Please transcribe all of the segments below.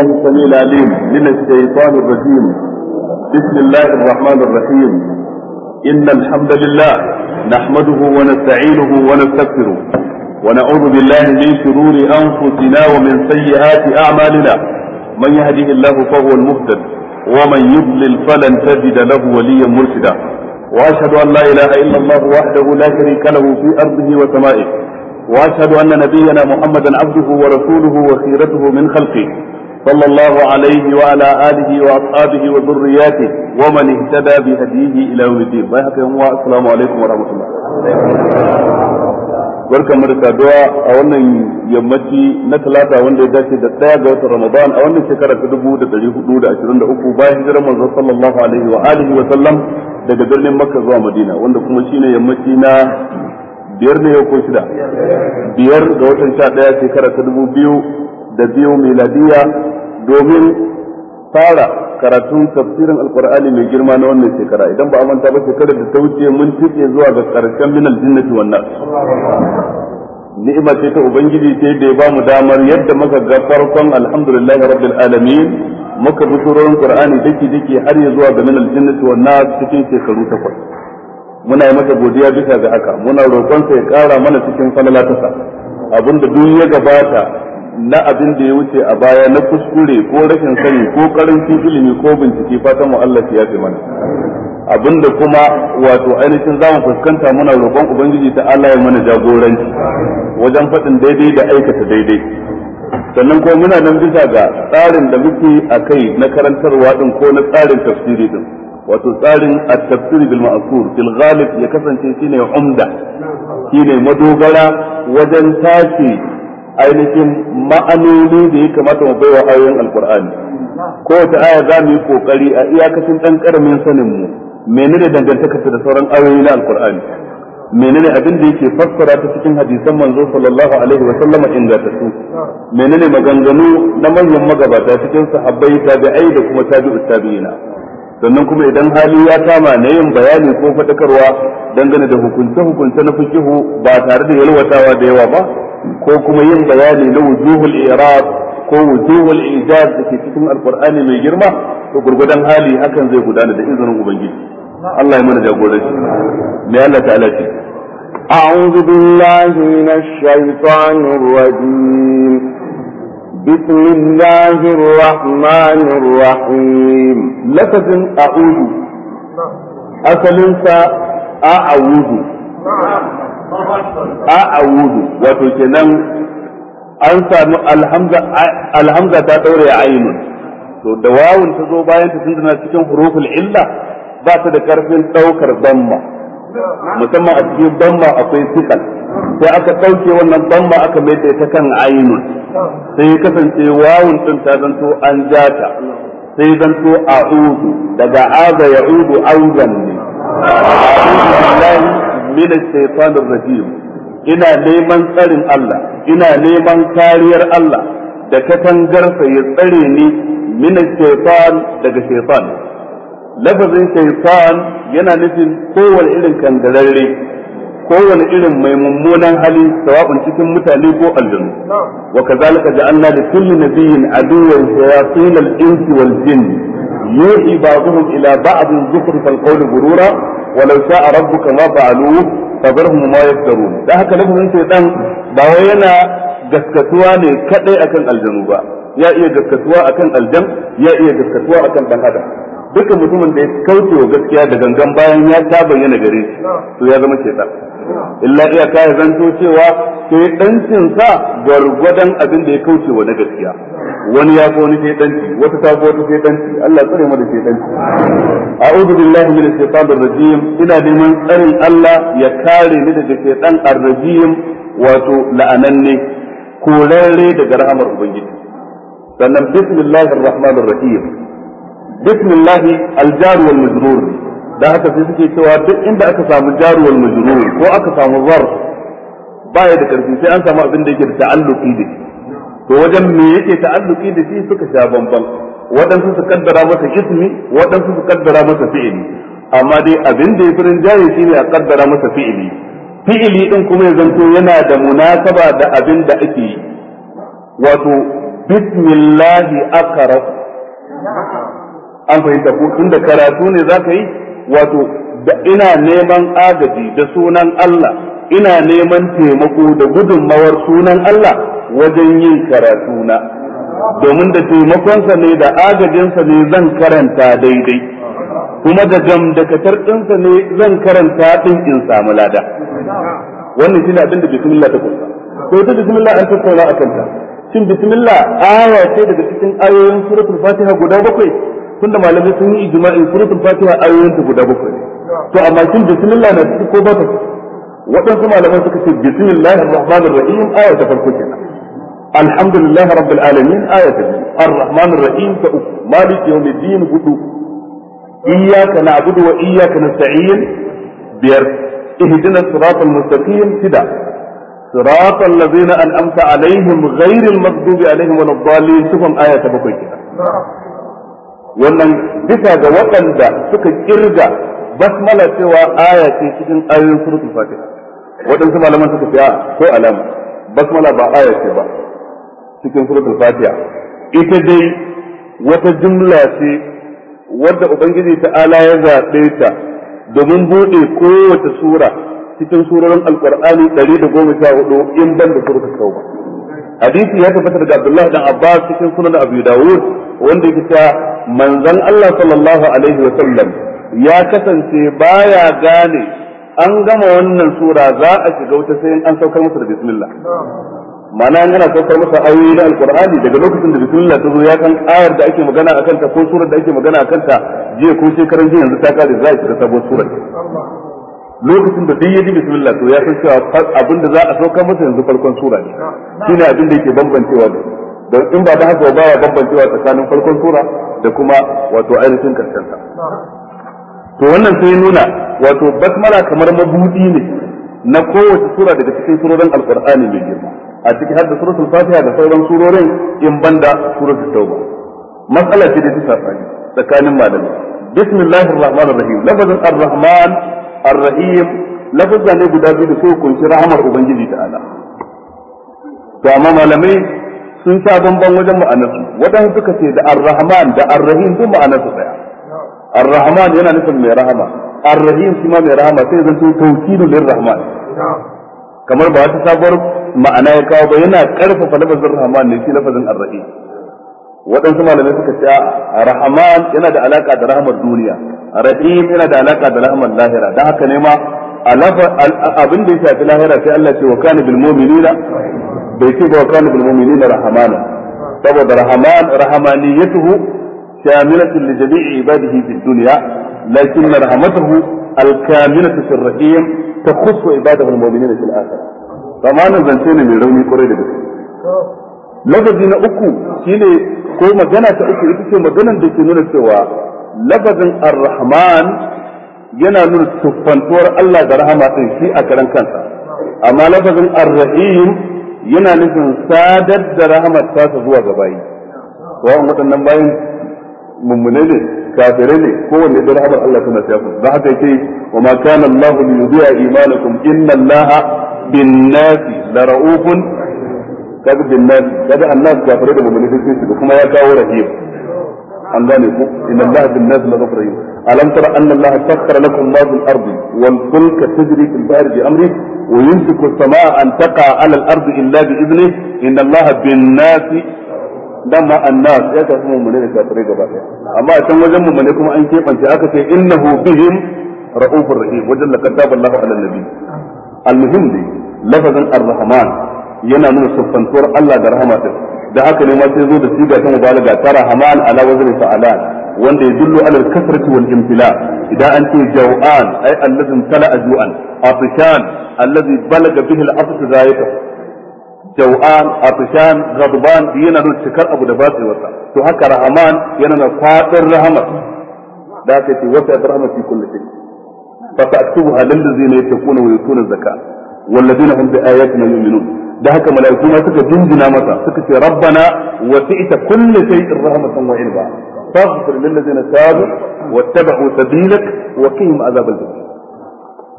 السميع العليم من الشيطان الرجيم بسم الله الرحمن الرحيم إن الحمد لله نحمده ونستعينه ونستغفره ونعوذ بالله من شرور أنفسنا ومن سيئات أعمالنا من يهده الله فهو المهتد ومن يضلل فلن تجد له وليا مرشدا وأشهد أن لا إله إلا الله وحده لا شريك له في أرضه وسمائه وأشهد أن نبينا محمدا عبده ورسوله وخيرته من خلقه صلى الله عليه وعلى آله وأصحابه وذرياته ومن اهتدى بهديه إلى يوم الدين السلام عليكم ورحمة الله barkan mu da saduwa a wannan yammaci na talata wanda ya dace da daya ga watan ramadan a wannan shekara ta dubu da dari hudu da ashirin da uku bayan hijirar manzon sallallahu alaihi wa alihi wa sallam daga birnin makka zuwa madina wanda kuma shine yammaci na biyar ne ko shida biyar ga watan sha daya shekara ta dubu biyu da biyu miladiya domin fara karatun tafsirin alkur'ani mai girma na wannan shekara idan ba a manta ba shekarar da ta wuce mun tuke zuwa ga karshen min aljinnati wannan ni'ima ce ta ubangiji ce da ya bamu damar yadda muka ga farkon alhamdulillahi rabbil alamin muka bi surorin qur'ani dake dake har ya zuwa ga min aljinnati wannan cikin shekaru takwas muna yi masa godiya bisa ga haka muna roƙon ya ƙara mana cikin falala ta sa abinda duniya ya gabata na abin da ya wuce a baya na kuskure ko rashin sani ko karancin ilimi ko bincike fatan mu Allah ya fi mana abinda kuma wato ainihin zamu fuskanta muna roƙon ubangiji ta Allah ya mana jagoranci wajen faɗin daidai da aikata daidai sannan ko muna nan bisa ga tsarin da muke a kai na karantarwa din ko na tsarin tafsiri din wato tsarin at-tafsir bil ma'sur fil ghalib ya kasance shine umda shine madogara wajen tashi ainihin ma'anoni da ya kamata mu baiwa ayoyin alkur'ani kowace aya za mu yi kokari a iyakacin ɗan karamin sanin mu menene dangantaka da sauran ayoyi na alkur'ani menene abin da yake fassara ta cikin hadisan manzo sallallahu alaihi wa sallama ingantattu menene maganganu na manyan magabata cikin sahabbai tabi'ai da kuma tabi'ut tabi'ina sannan kuma idan hali ya kama na yin bayani ko fadakarwa dangane da hukunce-hukunce na fikihu ba tare da yalwatawa da yawa ba ko kuma yin bayani na wujuhul iraq ko wujuhul ijaz da ke cikin alkur'ani mai girma to gurgudan hali hakan zai gudana da izinin ubangiji Allah ya mana jagoranci mai Allah ta'ala ce أعوذ بالله من الشيطان الرجيم بسم الله الرحمن الرحيم لفظ أعوذ أصلنسا أعوذ أعوذ وتجنن an samu alhamza ta ɗaure a to da wawun ta zo bayanta ta tunda cikin hurufin illa ba ta da ƙarfin ɗaukar damma musamman a cikin bamma akwai sikal sai aka ɗauke wannan bamma aka mai ta ita kan ainun sai ya kasance wawun ɗin ta zanto an jata sai zanto ugu, daga aza ya'udu auzan ne min shaitanir rajim ina neman tsarin Allah ina neman kariyar Allah da katangarsa ya tsare ni min shaitan daga shaitan lafazin shaitan yana nufin kowane irin kangararre kowane irin mai mummunan hali sawabin cikin mutane ko aljanu wa kazalika ja'alna li kulli nabiyyin aduwwan shayatin al-insi wal jinn yuhi ba'dhum ila ba'dhin zukhruf al-qawli gurura wa law sha'a rabbuka ma fa'aluhu fadharhum ma yaftarun da haka lafazin shaitan ba wai yana gaskatuwa ne kadai akan aljanu ba ya iya gaskatuwa akan aljan ya iya gaskatuwa akan dan adam dukkan mutumin da ya kauce wa gaskiya da gangan bayan ya ta bayyana gare shi to ya zama sheda illa iya ka ya zanto cewa dancin sa gwargwadon abin da ya kauce wa na gaskiya wani ya ke danci wata ta ko fi ke danci Allah tsare mu da danci a'udhu billahi minash shaitanir rajim ina neman tsarin Allah ya kare ni daga shaitan ar-rajim wato la'ananne korarre daga rahamar ubangiji sannan bismillahir rahmanir rahim bismillah aljar wal majrur da haka sai suke cewa duk inda aka samu jar wal majrur ko aka samu zar baya da karfi sai an samu abin da yake da ta'alluqi da shi to wajen me yake ta'alluqi da shi suka sha bambam waɗansu su kaddara masa ismi waɗansu su kaddara masa fi'ili amma dai abin da ya fi rinjaye shine a kaddara masa fi'ili fi'ili din kuma ya zanto yana da munasaba da abin da ake yi wato bismillahi akara an fahimta ko tunda karatu ne za ka yi wato da ina neman agaji da sunan Allah ina neman taimako da gudunmawar sunan Allah wajen yin karatu na domin da taimakonsa ne da agajinsa ne zan karanta daidai kuma da gamdakatar ɗinsa ne zan karanta din in samu lada wannan shi abin da bismillah ta kusa. ko ita bismillah an tattauna akan ta shin bismillah aya ce daga cikin ayoyin suratul fatiha guda bakwai tunda malamai sun yi ijma'i suratul fatiha ayoyin ta guda bakwai to amma kin bismillah na ciki ko ba ta waɗansu malaman suka ce bismillahir rahmanir rahim aya ta farko kenan alhamdulillah rabbil alamin aya ta biyu arrahmanir rahim ta uku maliki yawmiddin hudu iyyaka na'budu wa iyyaka nasta'in biyar ihdina siratal mustaqim sida صراط الذين أنعمت عليهم غير المغضوب عليهم ولا الضالين شوفهم آية بكرة wannan bisa ga waɗanda suka kirga basmala cewa aya ce cikin ayoyin suratul fatiha waɗansu malaman suka ce ko alama basmala ba aya ce ba cikin suratul fatiha ita dai wata jumla ce wadda ubangiji ala ya zaɓe ta domin buɗe kowace sura cikin surorin sha 114 in ban da suratul tauba hadisi ya tabbata daga Abdullah dan Abbas cikin sunan Abu Dawud wanda yake cewa manzon Allah sallallahu alaihi wa sallam ya kasance baya gane an gama wannan sura za a shiga wuta sai an saukar masa da bismillah ma'ana an gana saukar masa ayoyi na alqur'ani daga lokacin da bismillah ta zo ya kan ayar da ake magana akan ta ko surar da ake magana akan ta jiya ko shekaran jiya yanzu ta kare za a shiga sabon surar lokacin da duk ya ji bismillah to ya san cewa abin da za a sauka masa yanzu farkon sura ne shine abin da yake bambancewa da don in ba da haka ba ya bambancewa tsakanin farkon sura da kuma wato ainihin karshen sa to wannan sai nuna wato basmala kamar mabudi ne na kowace sura daga cikin surorin alqur'ani mai girma a cikin hadda suratul fatiha da sauran surorin in banda suratul tauba matsala ce da ta tsakanin malami bismillahir rahmanir rahim lafazin ar-rahman ar-rahim ne guda biyu da sai kunshi rahamar ubangiji ala. to amma malamai sun sha bamban wajen ma'anarsu waɗansu suka da ar da ar-rahim duk ma'anarsu daya yana nufin mai rahama ar-rahim mai rahama sai zan tawkilu kamar ba wata sabuwar ma'ana ya kawo ba yana karfafa lafazin rahman ne shi lafazin ar waɗansu malamai suka ce a rahman yana da alaka da rahamar duniya rahim yana da alaka da rahmar lahira da haka ne ma abin da ya shafi lahira sai Allah ce wa kana bil mu'minina bai ce wa kana bil mu'minina rahmana saboda rahman rahmaniyatuhu shamilatun li jami'i ibadihi fid dunya lakin rahmatuhu الكاملة في الرحيم تخص عباده المؤمنين في الآخرة فما نزلتين rauni روني da gaske. lafazi na uku shine ko magana ta uku ita ce maganan da ke nuna cewa lafazin ar-rahman yana nuna tuffantuwar Allah da rahama din shi a karan kansa amma lafazin ar-rahim yana nufin sadar da rahamar tasa zuwa ga bayi wa'an waɗannan bayin mummune ne kafire ne kowanne da rahamar Allah tana shafa za haka yake wa ma kana Allah li yudhi'a imanakum inna Allah bin-nasi la ra'ufun kaga bin-nasi kaga Allah kafire da mummune sai kuma ya kawo rahim an gane ko inna allaha bil nas la rahim alam tara anna allaha sakhkhara lakum ma fil ardi wal fulka tajri fil bahri bi amri wa yumsiku as-samaa an taqa ala al ardi illa bi idhnihi inna allaha bin nas dan ma annas ya tafi mu ne da tare gaba daya amma a can wajen mu ne kuma an kebance aka ce innahu bihim ra'ufur rahim wajen laqad taballahu ala nabi al-muhim dai lafazin ar-rahman yana nuna siffantuwar Allah da rahama din da haka ne ma sai zo da siga ta mubalaga tara hamal ala wazn fa'alan wanda yadullu ala al-kasrati wal imtila idan an ce jaw'an ay alladhi tala ajwan afshan alladhi balaga bihi al-afs zayata jaw'an afshan ghadban yana da cikar abu da ba sai wata to haka rahman yana da fadin rahmat da ka ce wata rahmat fi kulli shay fa sa'tubuha lil ladzina yattaquna wa yutuna zakata hum bi ayatina yu'minun da haka mala'iku ma suka jinjina masa suka ce rabbana wa ti'ta kulli shay'in rahmatan wa ilma faghfir lil ladzina tabu wattaba'u sabilak wa qihim azabal jahim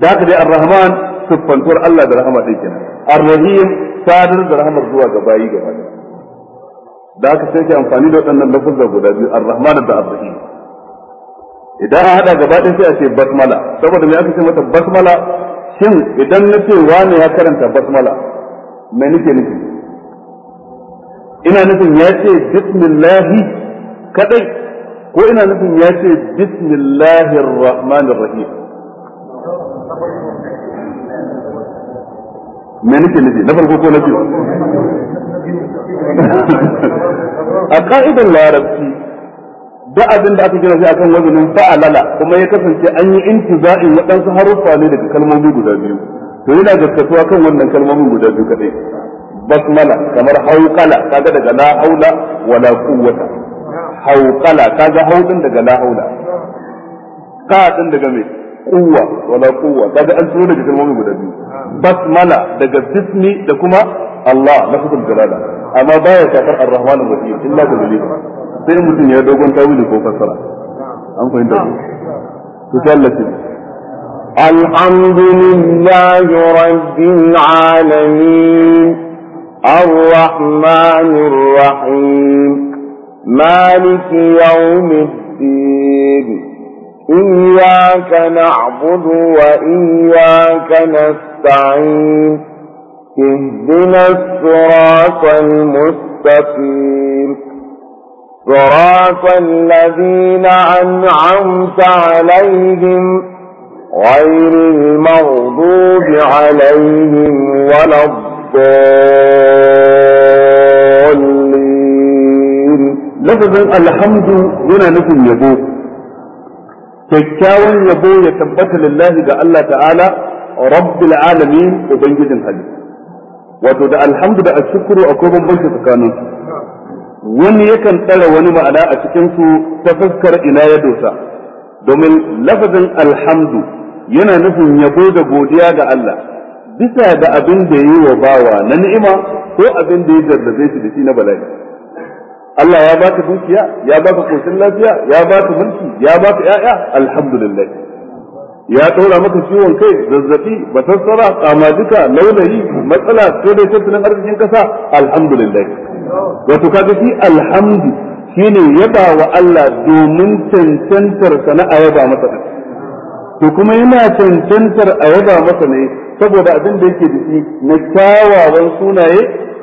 da haka dai ar-rahman siffantuwar Allah da rahama din kenan ar-rahim sadar da rahamar zuwa ga bayi gaba da haka sai ke amfani da waɗannan lafuzza guda biyu ar-rahman da ar-rahim idan an hada gaba ɗin sai a ce basmala saboda me aka ce mata basmala shin idan na ce wane ya karanta basmala me nake nufi ina nufin ya ce bismillahi kadai ko ina nufin ya ce bismillahi rahmanir rahim me nake nufi na farko ko na biyu a ka'idar larabci da abin da aka kira shi akan wazanin fa'alala kuma ya kasance an yi intiza'in waɗansu haruffa ne daga kalmomi guda biyu to yana gaskatuwa kan wannan kalmomin guda biyu kadai basmala kamar hauqala kaga daga la haula wala quwwata hauqala kaga haudin daga la haula qadin daga me quwwa wala quwwa kaga an tsoro daga kalmomin guda biyu basmala daga bismi da kuma Allah lafzul jalala amma baya kafar ar-rahman ar-rahim illa ka dalil sai mutum ya dogon tawili ko fassara an fahimta ku to Allah الحمد لله رب العالمين الرحمن الرحيم مالك يوم الدين إياك نعبد وإياك نستعين اهدنا الصراط المستقيم صراط الذين أنعمت عليهم غير المغضوب عليهم ولا الضالين لفظ الحمد هنا نفي يبو kyakkyawan yabo ya tabbata lillahi ga Allah ta'ala rabbil alamin ubangijin hali wato da alhamdu da ashkuru akwai bambanci tsakanin wani yakan tsara wani ma'ana a cikin su ta fuskar ina ya dosa domin lafazin alhamdu yana nufin yabo da godiya ga Allah bisa da abin da yi wa bawa na ni'ima ko abin da ya jarrabe shi da shi na bala'i Allah ya ba ka dukiya ya ba ka koshin lafiya ya ba ka mulki ya ba ka ya'ya alhamdulillah ya ɗora maka ciwon kai zazzabi batassara tsamadika laulayi matsala ko dai tattalin arzikin kasa alhamdulillah wato kaga shi alhamdu shine yaba wa Allah domin cancantar sana'a yaba masa to kuma yana cancantar a yaba masa ne saboda abin da yake da na kyawawan sunaye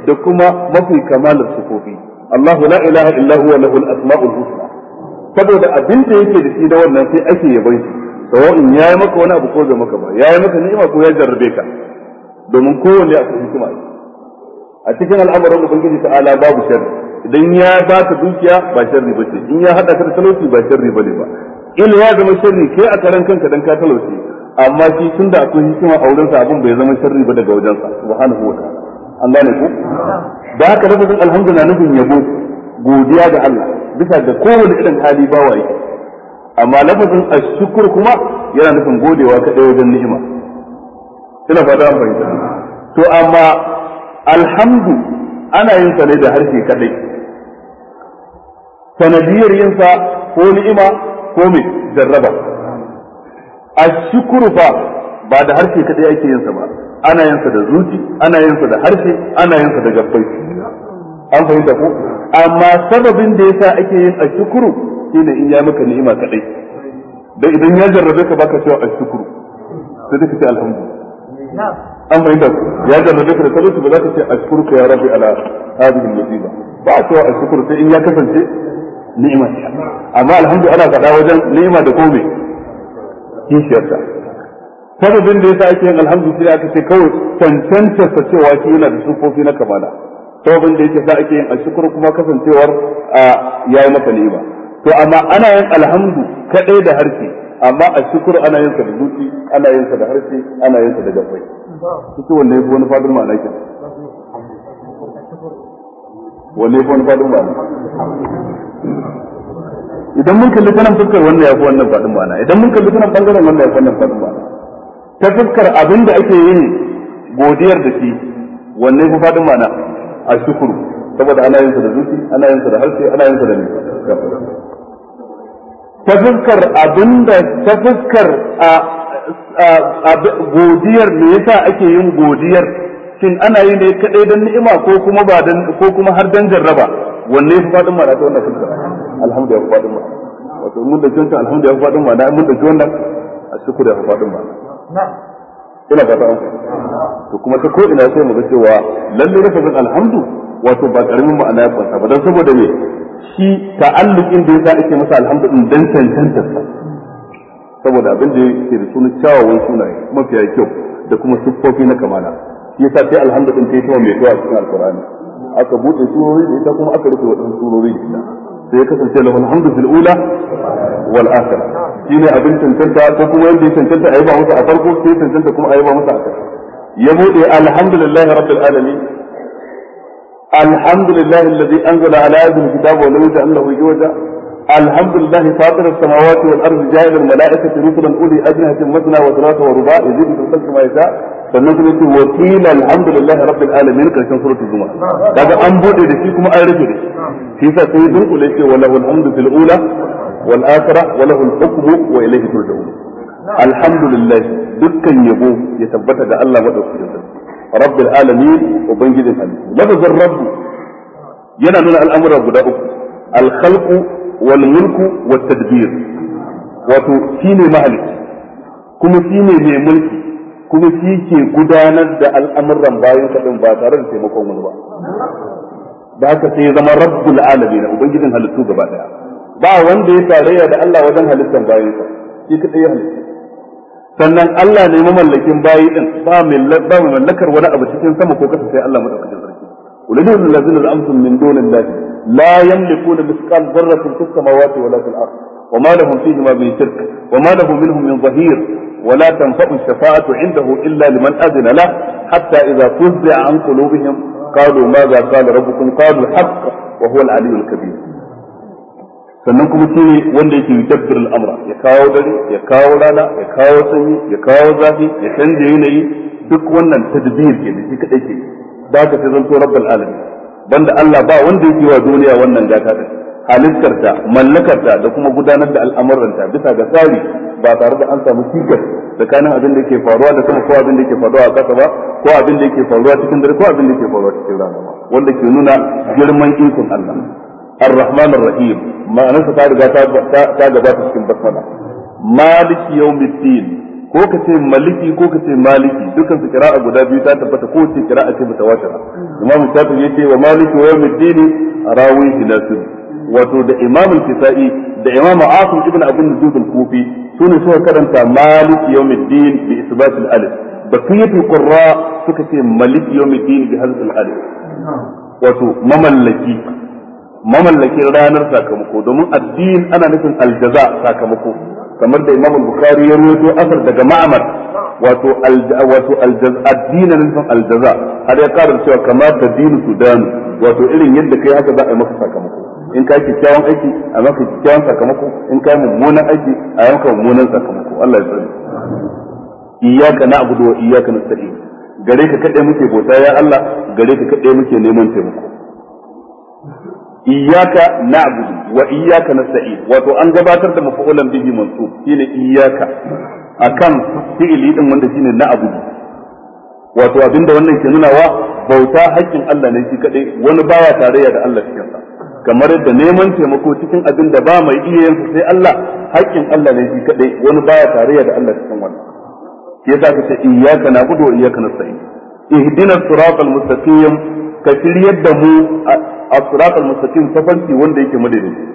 da kuma mafi kamalar sufofi Allahu la ilaha illa huwa lahul asmaul husna saboda abin da yake da da wannan sai ake yabon shi sawa'in yayi maka wani abu ko bai maka ba yayi maka ni'ima ko ya jarrabe ka domin kowanne cikin hikima a cikin al'amuran ubangiji ta'ala babu sharri idan ya baka dukiya ba sharri bace in ya hada ka da talauci ba sharri bane ba ila ya zama sharri kai a karan kanka dan ka talauce amma shi tunda akwai hikima a wurin sa abun bai zama sharri ba daga wajensa subhanahu wa ta'ala Allah ne ku da haka lafazin alhamdu na nufin yabo godiya ga Allah bisa ga kowane irin hali ba wa amma lafazin ashkur kuma yana nufin godewa kaɗai wajen ni'ima ina fata an fahimta to amma alhamdu ana yin sa ne da harshe kadai sanadiyar yin sa ko ni'ima ko me jarraba ashkuru fa ba da harshe kadai ake yin sa ba ana yin sa da zuci ana yin sa da harshe ana yin sa da gabbai an fahimta ko amma sababin da yasa ake yin ashkuru shine in ya maka ni'ima kadai dan idan ya jarrabe ka baka cewa ashkuru sai dai ka ce alhamdulillah an fahimta ko ya jarrabe ka da sababin ba za ka ce ashkuruka ya rabbi ala hadhihi musiba ba a shukuru, sai in ya kasance ni'ima ce amma alhamdu ana faɗa wajen ni'ima da kome kishiyarta sababin da yasa ake yin alhamdu sai aka ce kawai cancanta ta cewa shi yana da sufofi na kamala sababin da yake sa ake yin ashkuru kuma kasancewar ya yi maka ni'ima to amma ana yin alhamdu kadai da harshe amma a shukuru ana yin sa da zuci ana yin sa da harshe ana yin sa da gabbai kike wanne yafi wani fadin ma'ana kenan wanda yafi wani fadin ma'ana idan mun kalli tanan fuskar wannan ya fi wannan faɗin ma'ana idan mun kalli tanan bangaren wannan ya fi wannan faɗin ma'ana ta fuskar abin da ake yin godiyar da shi wannan fi faɗin ma'ana a shukuru saboda ana yin sa da zuci ana yin sa da harshe ana yin sa da ta fuskar abinda ta fuskar a godiyar me yasa ake yin godiyar shin ana yi ne kadai don ni'ima ko kuma ba ko kuma har dan jarraba wanne ya fi faɗin ma da ta wannan fuskar alhamdu ya fi faɗin ma wato mun da kyautar alhamdu ya fi faɗin ma'ana mun da kyautar a shukur ya fi faɗin ma'ana ina fata an to kuma ta ko ina sai mu ga cewa lalle lafazin alhamdu wato ba karamin ma'ana ya kwanta ba dan saboda me shi ta'alluqin da yasa ake masa alhamdu din dan tantantar saboda abin da yake da sunan cawawan sunaye mafiya kyau da kuma siffofi na kamala yasa sai alhamdu din ta yi ta mai kyau a cikin alkur'ani aka buɗe surori da ita kuma aka rufe waɗannan surori da ita sai ya kasance lahul hamdu fil ula wal akhir shine abin tantanta ko kuma yanda ya tantanta ayi ba masa a farko sai tantanta kuma ayi ba masa a ƙarshe ya buɗe alhamdulillahi rabbil alamin alhamdulillahi alladhi anzala ala abdihi kitaba wa lam yaj'al lahu الحمد لله فاطر السماوات والارض جاعل الملائكه رسلا اولي اجنه مثنى وثلاثه ورباع يزيد في الخلق ما يشاء فالنبي يقول وكيل الحمد لله رب العالمين كان سوره الجمعه هذا ان بودي فيكم كما اي رجل في سيدي بنقول وله الحمد في الاولى والاخره وله الحكم واليه ترجعون الحمد لله دكن يبو يثبت ده الله مدوكي رب العالمين وبنجد الحمد لفظ الرب ينال الامر ابو الخلق wal mulku wat tadbir wato shine mahalicci kuma shine mai mulki kuma shi ke gudanar da al'amuran bayan kaɗin ba tare da taimakon wani ba da haka sai ya zama rabbul alamin ubangijin halittu gaba daya ba wanda ya tarayya da Allah wajen halittar bayansa shi kadai ya halitta sannan Allah ne mamallakin bayi din ba mai ba mai mallakar wani abu cikin sama ko kasa sai Allah madaukakin ولدون الذين زعمتم من دون الله لا يملكون مثقال ذرة في السماوات ولا في الأرض وما لهم فيهما من شرك وما له منهم من ظهير ولا تنفع الشفاعة عنده إلا لمن أذن له حتى إذا فزع عن قلوبهم قالوا ماذا قال ربكم قالوا الحق وهو العلي الكبير sannan kuma shi ne wanda yake yudabbir al'amra ya kawo dare ya kawo rana ya kawo sanyi ya kawo zafi ya canja yanayi duk wannan tadbir ke da shi kadai ke da haka sai zanto rabbul alamin banda Allah ba wanda yake wa duniya wannan gata din halittarta mallakarta da kuma gudanar da al'amuranta bisa ga tsari ba tare da an samu cikas tsakanin abin da ke faruwa da sama ko abin da ke faruwa a ƙasa ba ko abin da ke faruwa cikin dare ko abin da ke faruwa cikin rana wanda ke nuna girman ikon Allah ar-rahman rahim ma'anarsa ta riga ta gabata cikin basmala maliki yawmiddin ko ka ce maliki ko ka ce maliki dukkan su kira'a guda biyu ta tabbata ko ce kira'a ce mutawatira imamu shafi yace wa maliki wa yawmiddin rawihi nasir wato da imamu kisa'i da imamu asim ibn abun nujud al-kufi sune suka karanta maliki yawmiddin bi isbat al-alif bakiyat al-qurra suka ce maliki yawmiddin bi hazf al-alif wato mamallaki mamallakin ranar sakamako domin addin ana nufin aljaza sakamako kamar da Imam bukari ya rawaito asar daga Ma'mar wato wato al-din al-jaza har ya karar cewa kamar da dinu Sudan wato irin yadda kai haka za a yi maka sakamako in ka kyakkyawan aiki a maka kyakkyawan sakamako in ka mummunan aiki a maka mummunan sakamako Allah ya tsare iyyaka na'budu wa iyyaka nasta'in gare ka kaɗai muke bauta ya Allah gare ka kaɗai muke neman taimako iyyaka na'budu wa iyyaka nasta'in wato an gabatar da mafu'ulan bihi mansub shine iyyaka akan fi'ili din wanda shine na abu wato abinda wannan ke wa bauta haƙƙin Allah ne shi kadai wani baya tarayya da Allah cikin sa kamar yadda neman taimako cikin abin da ba mai iya yin sai Allah haƙƙin Allah ne shi kadai wani baya tarayya da Allah cikin wannan ke za ka ce iyyaka na'budu wa iyyaka nasta'in ihdinas siratal mustaqim ka shiryar da mu as-siratal mustaqim tafarki wanda yake madaidaici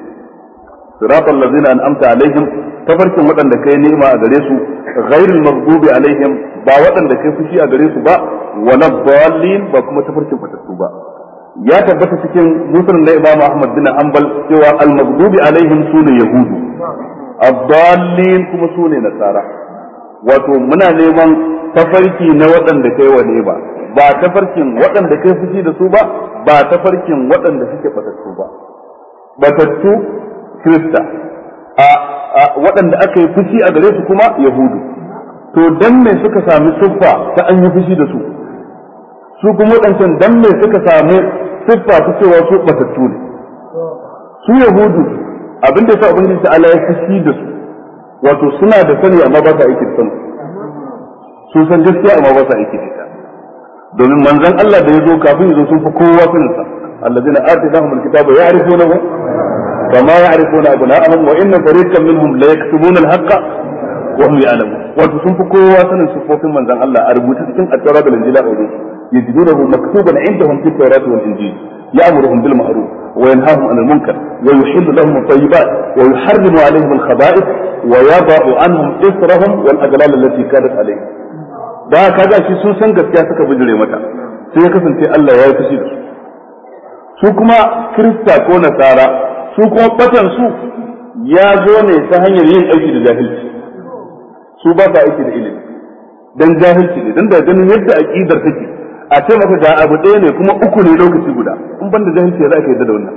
siratal ladzina an'amta alaihim tafarkin waɗanda kai ni'ima a gare su ghairul maghdubi alaihim ba waɗanda kai fushi a gare su ba wala dallin ba kuma tafarkin fatattu ba ya tabbata cikin musulun na imam ahmad bin Ambal cewa al-maghdubi alaihim sune yahudu ad-dallin kuma sune nasara wato muna neman tafarki na waɗanda kai wa ne ba ta farkin waɗanda kai fushi da su ba ba ta farkin waɗanda suke batattu ba batattu krista a waɗanda aka yi fushi a gare su kuma yahudu to dan me suka sami siffa ta an yi fushi da su su kuma waɗancan dan me suka sami siffa ta cewa su batattu ne su yahudu abinda ya sa ubangiji ta ala ya fushi da su wato suna da sani amma ba sa aiki da sani su san gaskiya amma ba sa aiki da domin manzan Allah da ya zo kafin ya zo sun fi kowa sun sa alladheena atainahum alkitaba ya'rifunahu kama ya'rifuna abna'ahum wa inna fariqan minhum la yaktubuna alhaqqa wa hum ya'lamun wato sun fi kowa sanin sifofin manzan Allah a rubuta cikin at tawrat wal injil aure yajidunahu maktuban indahum fi at tawrat wal injil ya'muruhum bil ma'ruf wa yanhahum 'anil munkar wa yuhillu lahum at-tayyibat wa yuharrimu 'alayhim al-khaba'ith wa yadh'u 'anhum israhum wal aghlal allati kanat 'alayhim da ga shi sun san gaskiya suka bijire mata sai ya kasance Allah ya yi fushi da su su kuma kirista ko nasara su kuma batan su ya zo ne ta hanyar yin aiki da jahilci su ba ka aiki da ilimi dan jahilci ne dan da ganin yadda aqidar take a ce maka ga abu ɗaya ne kuma uku ne lokaci guda in banda jahilci za ka yadda da wannan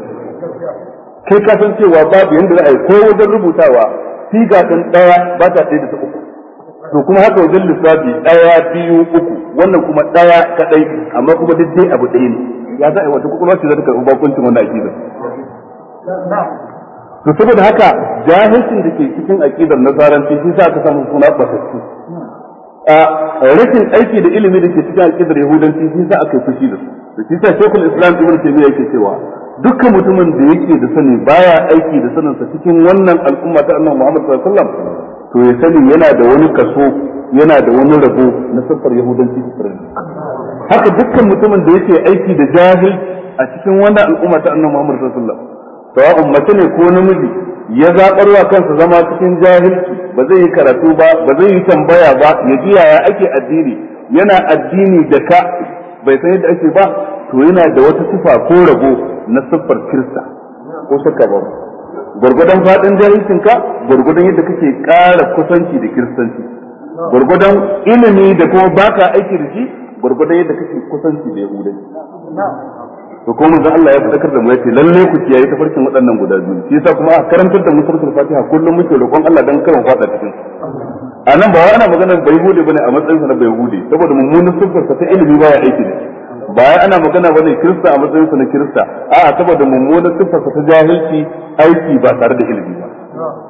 kai ka san cewa babu yanda za a yi ko wajen rubutawa siga kan ɗaya ba ta ɗaya da ta uku to kuma haka wajen lissafi ɗaya biyu uku wannan kuma ɗaya kaɗai amma kuma duk dai abu ɗaya ne ya za a yi wata kwakwalwa ce za ta karɓi bakuncin wannan aƙidar to saboda haka jahilcin da ke cikin aƙidar nasaranci shi sa aka samu suna ɓatattu a rashin aiki da ilimi da ke cikin aƙidar yahudanci shi sa aka yi fushi da su shi sa shekul islam ibn taimiyya yake cewa dukkan mutumin da yake da sani baya aiki da saninsa cikin wannan al'umma ta annabi muhammad sallallahu alaihi wasallam to ya sani yana da wani kaso yana da wani rabo na siffar yahudanci isra'ila haka dukkan mutumin da yake aiki da jahil a cikin wannan al'umma ta annabi Muhammad sallallahu alaihi wasallam mace ne ko namiji ya zabar wa kansa zama cikin jahilci ba zai yi karatu ba ba zai yi tambaya ba ya ji yaya ake addini yana addini da ka bai san yadda ake ba to yana da wata tufa ko rabo na siffar kirista ko shakka ba gurgudan fadin jahilcin ka gurgudan yadda kake ƙara kusanci da kiristanci gurgudan ilimi da kuma baka aiki da shi gurgudan yadda kake kusanci da yahudai to kuma manzon Allah ya fadakar da mu yace lalle ku kiyaye tafarkin waɗannan guda biyu shi yasa kuma a karantar da mu suratul Fatiha kullum muke roƙon Allah dan karin fada cikin a nan ba wai ana maganar bai hude bane a matsayin sa na bai hude saboda mummunan siffar ta ilimi baya aiki da shi bayan ana magana ba ne kirista a matsayinsa na kirista a saboda mummunar siffarsa ta jahilci aiki ba tare da ilimi ba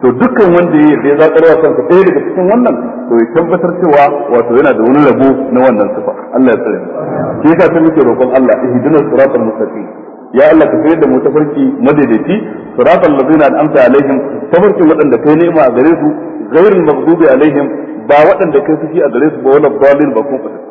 to dukkan wanda ya yi ya zakarwa kansa ɗaya daga cikin wannan to ya tabbatar cewa wato yana da wani rabo na wannan sifa Allah ya tsare shi yasa sai muke roƙon Allah ihdinas siratal mustaqim ya Allah ka tsayar da mu tafarki madaidaici siratal ladzina an'amta alaihim tafarki waɗanda kai ni'ima a gare su ghairul maghdubi alaihim ba waɗanda kai fushi a gare su ba wala dalil ba kuma. fata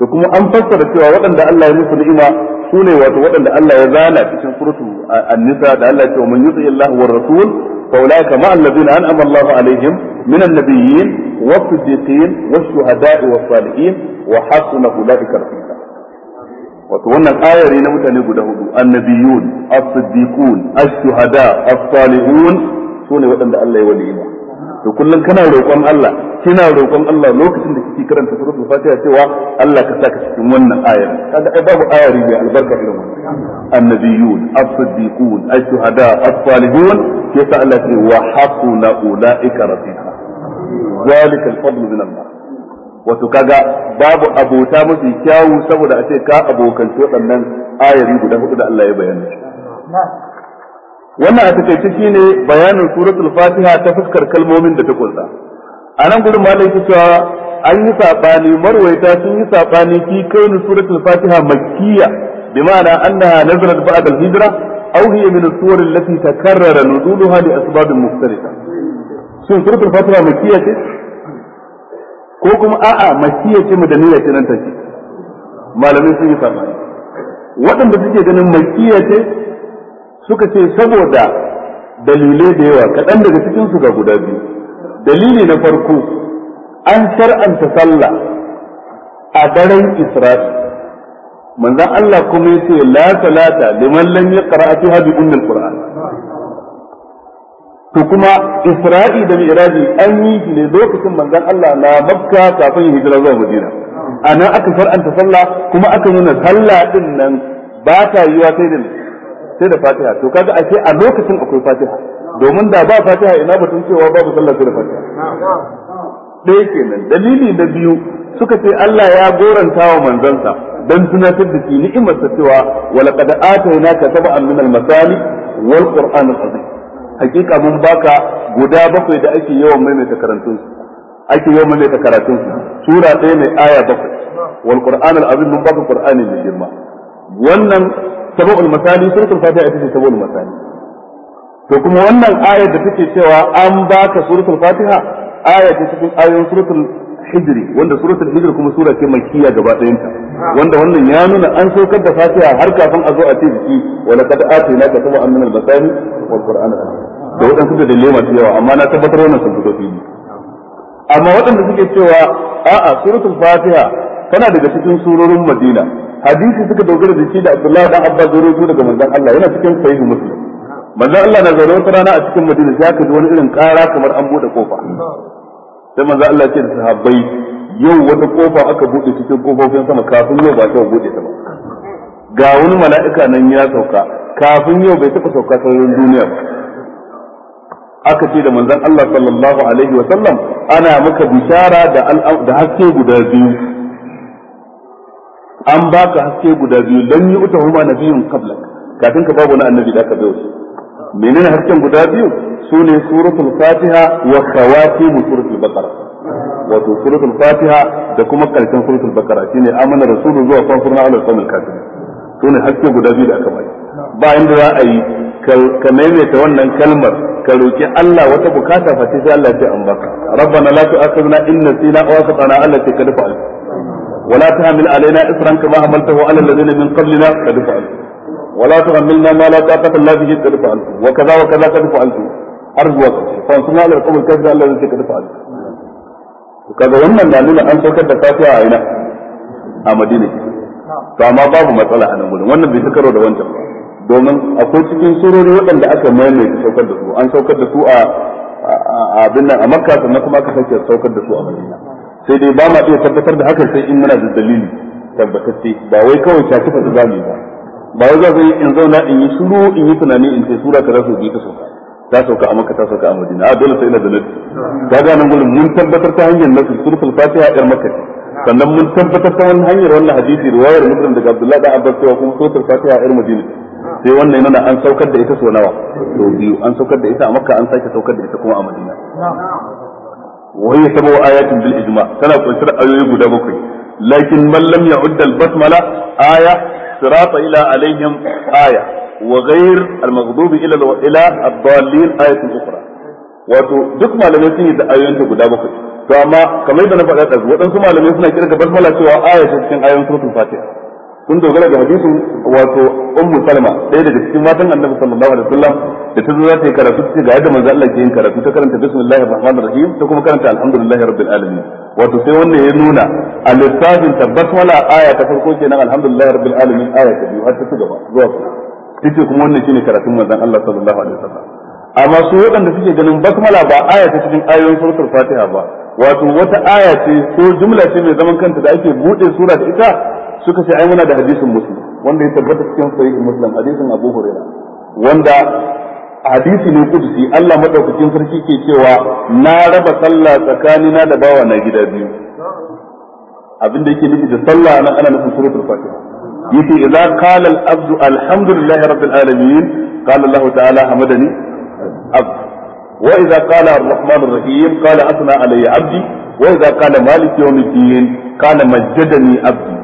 da kuma an fassara cewa waɗanda Allah ya musu ni'ima su ne wato waɗanda Allah ya zana cikin furtu a nisa da Allah ya ce man yuti Allah war rasul fa ulaika ma alladhina an'ama Allahu alaihim min an-nabiyyin was-siddiqin wash-shuhada'i was-salihin wa hasuna ulaika rafiqa wato wannan ayari na mutane guda hudu annabiyun as-siddiqun ash-shuhada as-salihun su ne waɗanda Allah ya wali'ima to kullum kana roƙon Allah kina roƙon Allah lokacin da kike karanta suratul fatiha cewa Allah ka saka cikin wannan ayar kaga ai babu ayar ne albarka irin wannan annabiyun as-siddiqun ash-shuhada as-salihun yasa Allah ce wa hasuna ulaika rafiqa zalika al-fadl min Allah wato kaga babu abota mafi kyawu saboda a ce ka abokan abokanci waɗannan ayari guda hudu da Allah ya bayyana wannan a takaice shine bayanin suratul fatiha ta fuskar kalmomin da ta kunsa a nan gudun malai ke cewa an yi saɓani marwaita sun yi saɓani fi kaunin suratul fatiha makkiya bi ma'ana annaha nazarat ba'da al-hijra aw hiya min as-suwar allati takarrara nuzuluha li asbab mukhtalifa shin suratul fatiha makkiya ce ko kuma a'a makkiya ce madaniya ce nan take malamin sun yi saɓani waɗanda suke ganin makkiya ce suka ce saboda dalilai da yawa kaɗan daga cikinsu ga guda biyu dalili na farko an shar'anta sallah a daren isra'i manzon Allah kuma yace la salata liman lam yaqra fiha bi ummil qur'an to kuma isra'i da mi'raji an yi shi ne lokacin manzon Allah na makka kafin hijira zuwa madina anan aka shar'anta sallah kuma aka nuna sallah din nan ba ta yiwa sai da sai da fatiha to kaga ashe a lokacin akwai fatiha domin da ba fatiha ina batun cewa babu sallah sai da fatiha ɗaya kenan dalili na biyu suka ce Allah ya goranta wa manzansa dan tunatar da shi ni'imarsa cewa wa laqad atainaka sab'an min al-masali wal qur'an al-azim hakika mun baka guda bakwai da ake yawan maimaita karantun ake yawan maimaita karatun sura ɗaya mai aya bakwai wal qur'an al-azim mun baka qur'ani mai girma wannan sab'ul masali suratul fatiha ita ce sab'ul masali to kuma wannan ayar da take cewa an baka suratul fatiha aya ce cikin ayoyin suratul hijri wanda suratul hijri kuma sura ce makkiya gaba ɗayanta wanda wannan ya nuna an saukar da fatiha har kafin a zo a ce biki wa laqad atayna ka tabu'an annal basani wal qur'an da suke da lema cewa yawa amma na tabbatar wannan sun fito fili amma waɗanda suke cewa a'a suratul fatiha tana daga cikin surorin madina hadisi suka dogara da shi da abdullahi dan abbas zuru daga manzon Allah yana cikin sahihu muslim manzo Allah na zaune wata rana a cikin Madina sai aka ji wani irin ƙara kamar an bude kofa sai manzo Allah ce da sahabbai yau wata kofa aka bude cikin kofofin sama kafin yau ba ta bude ta ba ga wani mala'ika nan ya sauka kafin yau bai taɓa sauka sararin duniya ba aka ce da manzon Allah sallallahu alaihi wa sallam ana maka bishara da da haske guda biyu an baka haske guda biyu dan yi uta huma nabiyun qablak kafin ka babu wani annabi da ka bai menene harshen guda biyu su ne suratul fatiha wa suratul baqara wato suratul fatiha da kuma karshen suratul baqara shine amana rasulu zuwa kafirna ala sunan kafir su ne harshe guda biyu da aka bai ba inda za a yi ka maimaita wannan kalmar ka roki Allah wata bukata fa sai Allah ya ce an baka rabbana la tu'akhidna in nasina aw akhtana allati kad fa'al ولا تحمل علينا إصرا كما حملته على الذين من قبلنا قد فعلوا ولا تحملنا ما لا طاقة لنا به قد فعلت وكذا وكذا قد فعلت أرجوك فانصرنا على القوم الكافر الذي قد فعلت kaga wannan na nuna an saukar da safiya a ina a madina to babu matsala a nan gurin wannan bai ta karo da wancan ba domin akwai cikin surori waɗanda aka maimaita saukar da su an saukar da su a abin nan a makka sannan kuma aka sake saukar da su a madina sai dai ba ma iya tabbatar da hakan in muna da dalili tabbatacce ba wai kawai shafi ta ba ba wai za in zauna in yi shiru in yi tunani in ce sura kaza su bi ta sauka ta sauka a maka ta sauka a madina a dole sai na da nasu ga ga nan gurin mun tabbatar ta hanyar nasu suratul fatiha yar maka sannan mun tabbatar ta hanyar wannan hadisi riwayar mutum daga abdullahi da abbas cewa kuma suratul fatiha yar madina sai wannan yana an saukar da ita so nawa to biyu an saukar da ita a makka an sake saukar da ita kuma a madina وهي سبع آيات بالإجماع سنة وإسراء أيوة يقول لكن من لم يعد البسملة آية الصراط إلى عليهم آية وغير المغضوب إلى إلى الضالين آية أخرى wato duk malamai sun yi da ayoyinta guda bakwai to amma kamar yadda na faɗa da waɗansu malamai suna kira ga basmala cewa aya ce cikin ayoyin suratul fatiha sun dogara da hadisin wato ummu salma ɗaya daga cikin matan annabi sallallahu alaihi wasallam da ta zo za ta yi karatu ta ga yadda manzo Allah ke yin karatu ta karanta bismillahir rahmanir rahim ta kuma karanta alhamdulillahi rabbil alamin wato sai wanda ya nuna a lissafin tabbatwala aya ta farko kenan alhamdulillah rabbil alamin aya ta biyu har ta ci gaba zuwa ku take kuma wannan shine karatun manzon Allah sallallahu alaihi wasallam amma su waɗanda suke ganin basmala ba aya ta cikin ayoyin suratul fatiha ba wato wata aya ce ko jumla ce mai zaman kanta da ake bude sura da ita suka ce ai muna da hadisin muslim wanda ya tabbata cikin sahih muslim hadisin abu hurairah wanda hadisi ne kudusi Allah madaukakin sarki ke cewa na raba sallah tsakanina da bawa na gida biyu abin da yake nufi da sallah nan ana nufin suratul fatiha yace idza qala al abdu alhamdulillahi rabbil alamin qala Allah ta'ala hamadani abd wa idza qala ar-rahman ar-rahim qala asna alayya abdi wa idza qala malik yawm ad-din qala majjadani abdi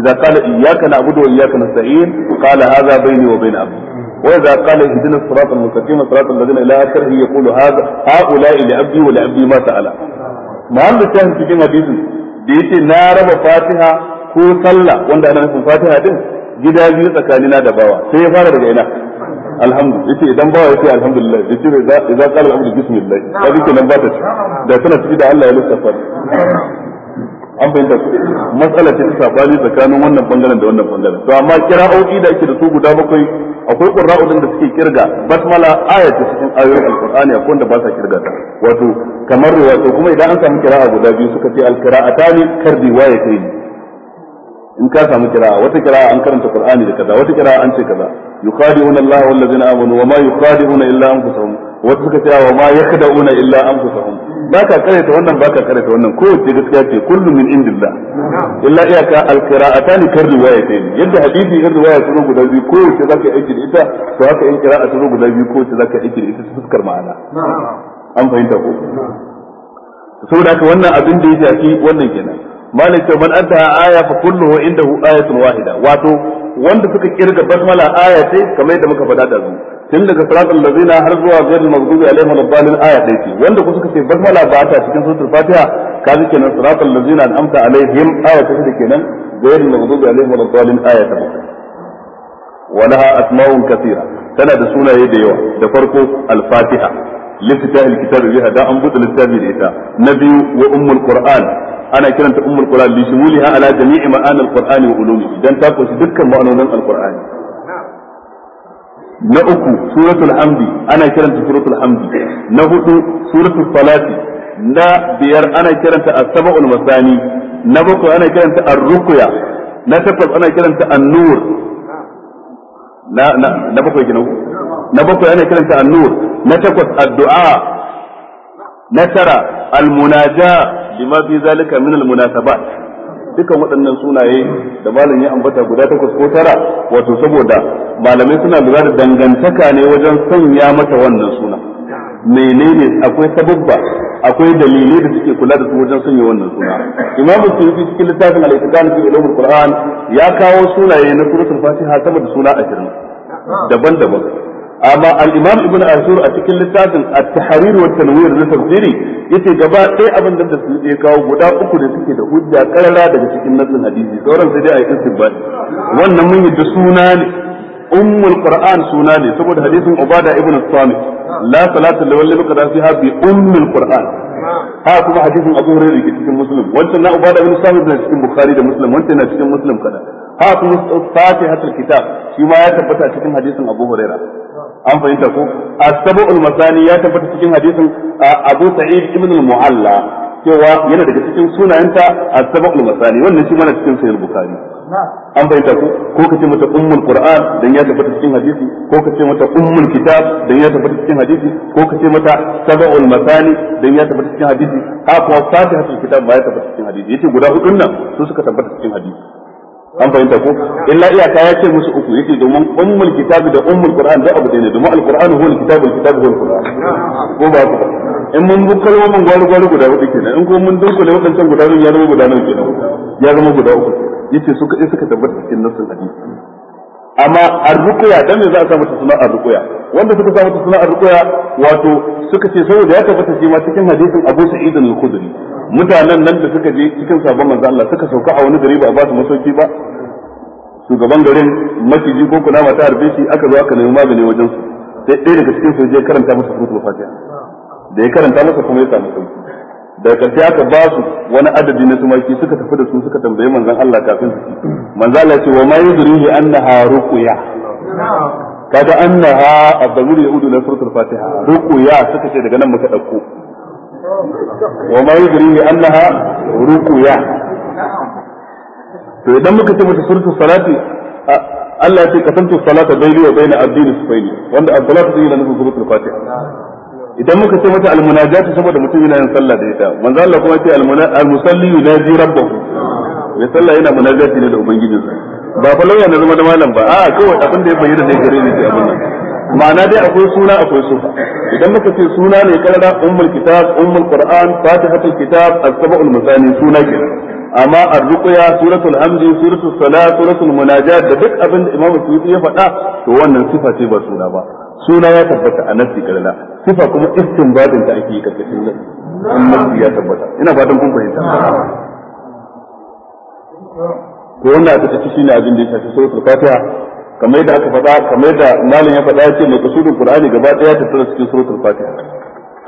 idza qala iyyaka na'budu wa iyyaka nasta'in qala hadha bayni wa bayna abdi وإذا قال اهدنا الصراط المستقيم صراط الذين لا آخره يقول هذا هؤلاء لعبدي ولعبدي ما سأل ما هم الشاهد في جمع بيزن بيتي نار وفاتحة كو صلى وانا أنا نفهم فاتحة دين جدا بيو تكالينا دباوة سيفارة رجعنا الحمد لله يتي bawa yace يتي الحمد لله يتي qala alhamdu bismillah kaji kenan ba ta ci da tana ciki da Allah ya lissafa an fahimta ku matsala ce ta sabani tsakanin wannan bangaren da wannan bangaren to amma kira'o'i da ake da su guda bakwai akwai qurra'u din da suke kirga basmala aya cikin ayoyin alqur'ani akwai wanda ba sa kirga ta wato kamar wato kuma idan an samu qira'a guda biyu suka ce alqira'atani kar riwayatayn in ka samu qira'a wata qira'a an karanta qur'ani da kaza wata qira'a an ce kaza yuqadi'una Allah wal ladina amanu wa ma yuqadi'una illa anfusahum wasu suka ce wa ma yakhda'una illa anfusahum ba ka karanta wannan ba ka karanta wannan ko wace gaskiya ce kullu min indillah illa iyaka alqira'atani kar riwayatayn yadda hadisi in riwaya sun guda biyu ko za zaka aiki da ita to haka in qira'a sun guda biyu ko za zaka aiki da ita su fuskar ma'ana an fahimta ko saboda haka wannan abin da ya shafi wannan kenan malik to man anta aya fa kulluhu indahu ayatun wahida wato wanda suka kirga basmala aya ce kamar yadda muka faɗa da zuwa tun daga siratul ladzina har zuwa ghairil maghdubi alaihim waladdallin aya ɗaya ce wanda ku suka ce basmala ba ta cikin suratul fatiha kaji kenan siratul ladzina an'amta alaihim aya ta shida kenan ghairil maghdubi alaihim waladdallin aya ta bakwai walaha asma'un kathira tana da sunaye da yawa da farko al-fatiha liftah al-kitab da an buɗe littafi da ita na biyu wa ummul qur'an ana kiranta ummul qur'an li shumuliha ala jami'i ma'anar qur'ani wa ulumi dan ta kunshi dukkan ma'anonin al na uku suratul hamdi ana kiranta suratul hamdi na hudu suratul salati na biyar ana kiranta as-sab'ul masani na bako ana kiranta ar rukya na takwas ana kiranta an-nur na na na bakwai kenan na bako ana kiranta an-nur na takwas addu'a na tara al-munaja bima fi zalika min al-munasabat dukan waɗannan sunaye da malam ya ambata guda takwas ko tara wato saboda malamai suna lura da dangantaka ne wajen sanya mata wannan suna menene akwai sababba akwai dalilai da suke kula da su wajen sanya wannan suna imamu suyuti cikin littafin al da fi ulumul qur'an ya kawo sunaye na suratul fatiha sama da suna 20 daban-daban amma al-imam ibnu asur a cikin littafin at-tahrir wa tanwir na tafsiri yace gaba sai abin da su je kawo guda uku da suke da hujja karara daga cikin nassin hadisi sauran sai dai a yi istibbat wannan mun yi da suna ne ummul qur'an suna ne saboda hadisin ubada ibn as-sami la salata lawal lam qada fi bi ummul qur'an ha kuma hadisin abu hurairah ke cikin muslim wancan na ubada ibn as-sami da cikin bukhari da muslim wancan na cikin muslim kada ha kuma fatihatul kitab shi ma ya tabbata cikin hadisin abu hurairah an fahimta ko a sabul masani ya tabbata cikin hadisin Abu Sa'id ibn al-Mu'alla cewa yana daga cikin sunayenta as-sab'ul masani wannan shi mana cikin sahih bukhari an fahimta ko ko kace mata ummul qur'an dan ya tabbata cikin hadisi ko kace mata ummul kitab dan ya tabbata cikin hadisi ko kace mata sab'ul masani dan ya tabbata cikin hadisi ko fatihatul kitab ba ya tabbata cikin hadisi yace guda hudun nan su suka tabbata cikin hadisi an fahimta ko illa iyaka ya ce musu uku yace domin ummul kitab da ummul qur'an da abu dai ne domin alqur'anu huwa alkitabu alkitabu huwa alqur'an ko ba ku in mun duk mun gwaru gwaru guda hudu kenan in ko mun dunkule wadancan guda ya zama guda uku kenan ya zama guda uku yace suka suka tabbata cikin nassin hadisi amma arzukuya dan ne za a samu suna wanda suka samu suna arruqya wato suka ce saboda ya tabbata shi ma cikin hadisin Abu Sa'id al-Khudri mutanen nan da suka je cikin sabon manzo Allah suka sauka a wani gari ba a ba su masauki ba shugaban garin maciji ko kuna mata harbe shi aka zo aka nemi magani wajen su sai ɗaya daga cikin su je karanta masa suratul fatiha da ya karanta masa kuma ya samu sauki da ta aka ba su wani adadi na tumaki suka tafi da su suka tambayi manzon Allah kafin su manzo Allah ce wa ma yudrihi annaha ruqya kada annaha ad yudu yaudu na suratul fatiha ruqya suka ce daga nan muka dauko wa ma yudrihi annaha ruqya to idan muka ce mata suratul salati Allah ya ce kasantu salata bayni wa bayna abdi sufaini wanda as-salatu zai na suratul fatiha idan muka ce mata almunajatu saboda mutum yana yin sallah da ita manzo Allah kuma ce almusalli yunaji rabbahu ya sallah yana munajati ne da ubangijinsa ba fa lauya na zama da malam ba a kawai abin da ya bayyana ne gare ni ke abin nan ma'ana dai akwai suna akwai sufa idan muka ce suna ne karara ummul kitab ummul qur'an fatihatul kitab as-sab'ul masani suna ke. amma ar-ruqya suratul hamd suratul salat suratul munajat da duk abin da imamu suyuti ya faɗa to wannan sifa ce ba suna ba suna ya tabbata a nafsi kalala sifa kuma istinbadin da ake yi karkashin nafsi ya tabbata ina fatan kun fahimta to wannan aka tafi shine abin da ya shafi suratul fatiha kamar da aka faɗa kamar da malam ya faɗa ce mai kasudin qur'ani gaba ɗaya ta tsara cikin suratul fatiha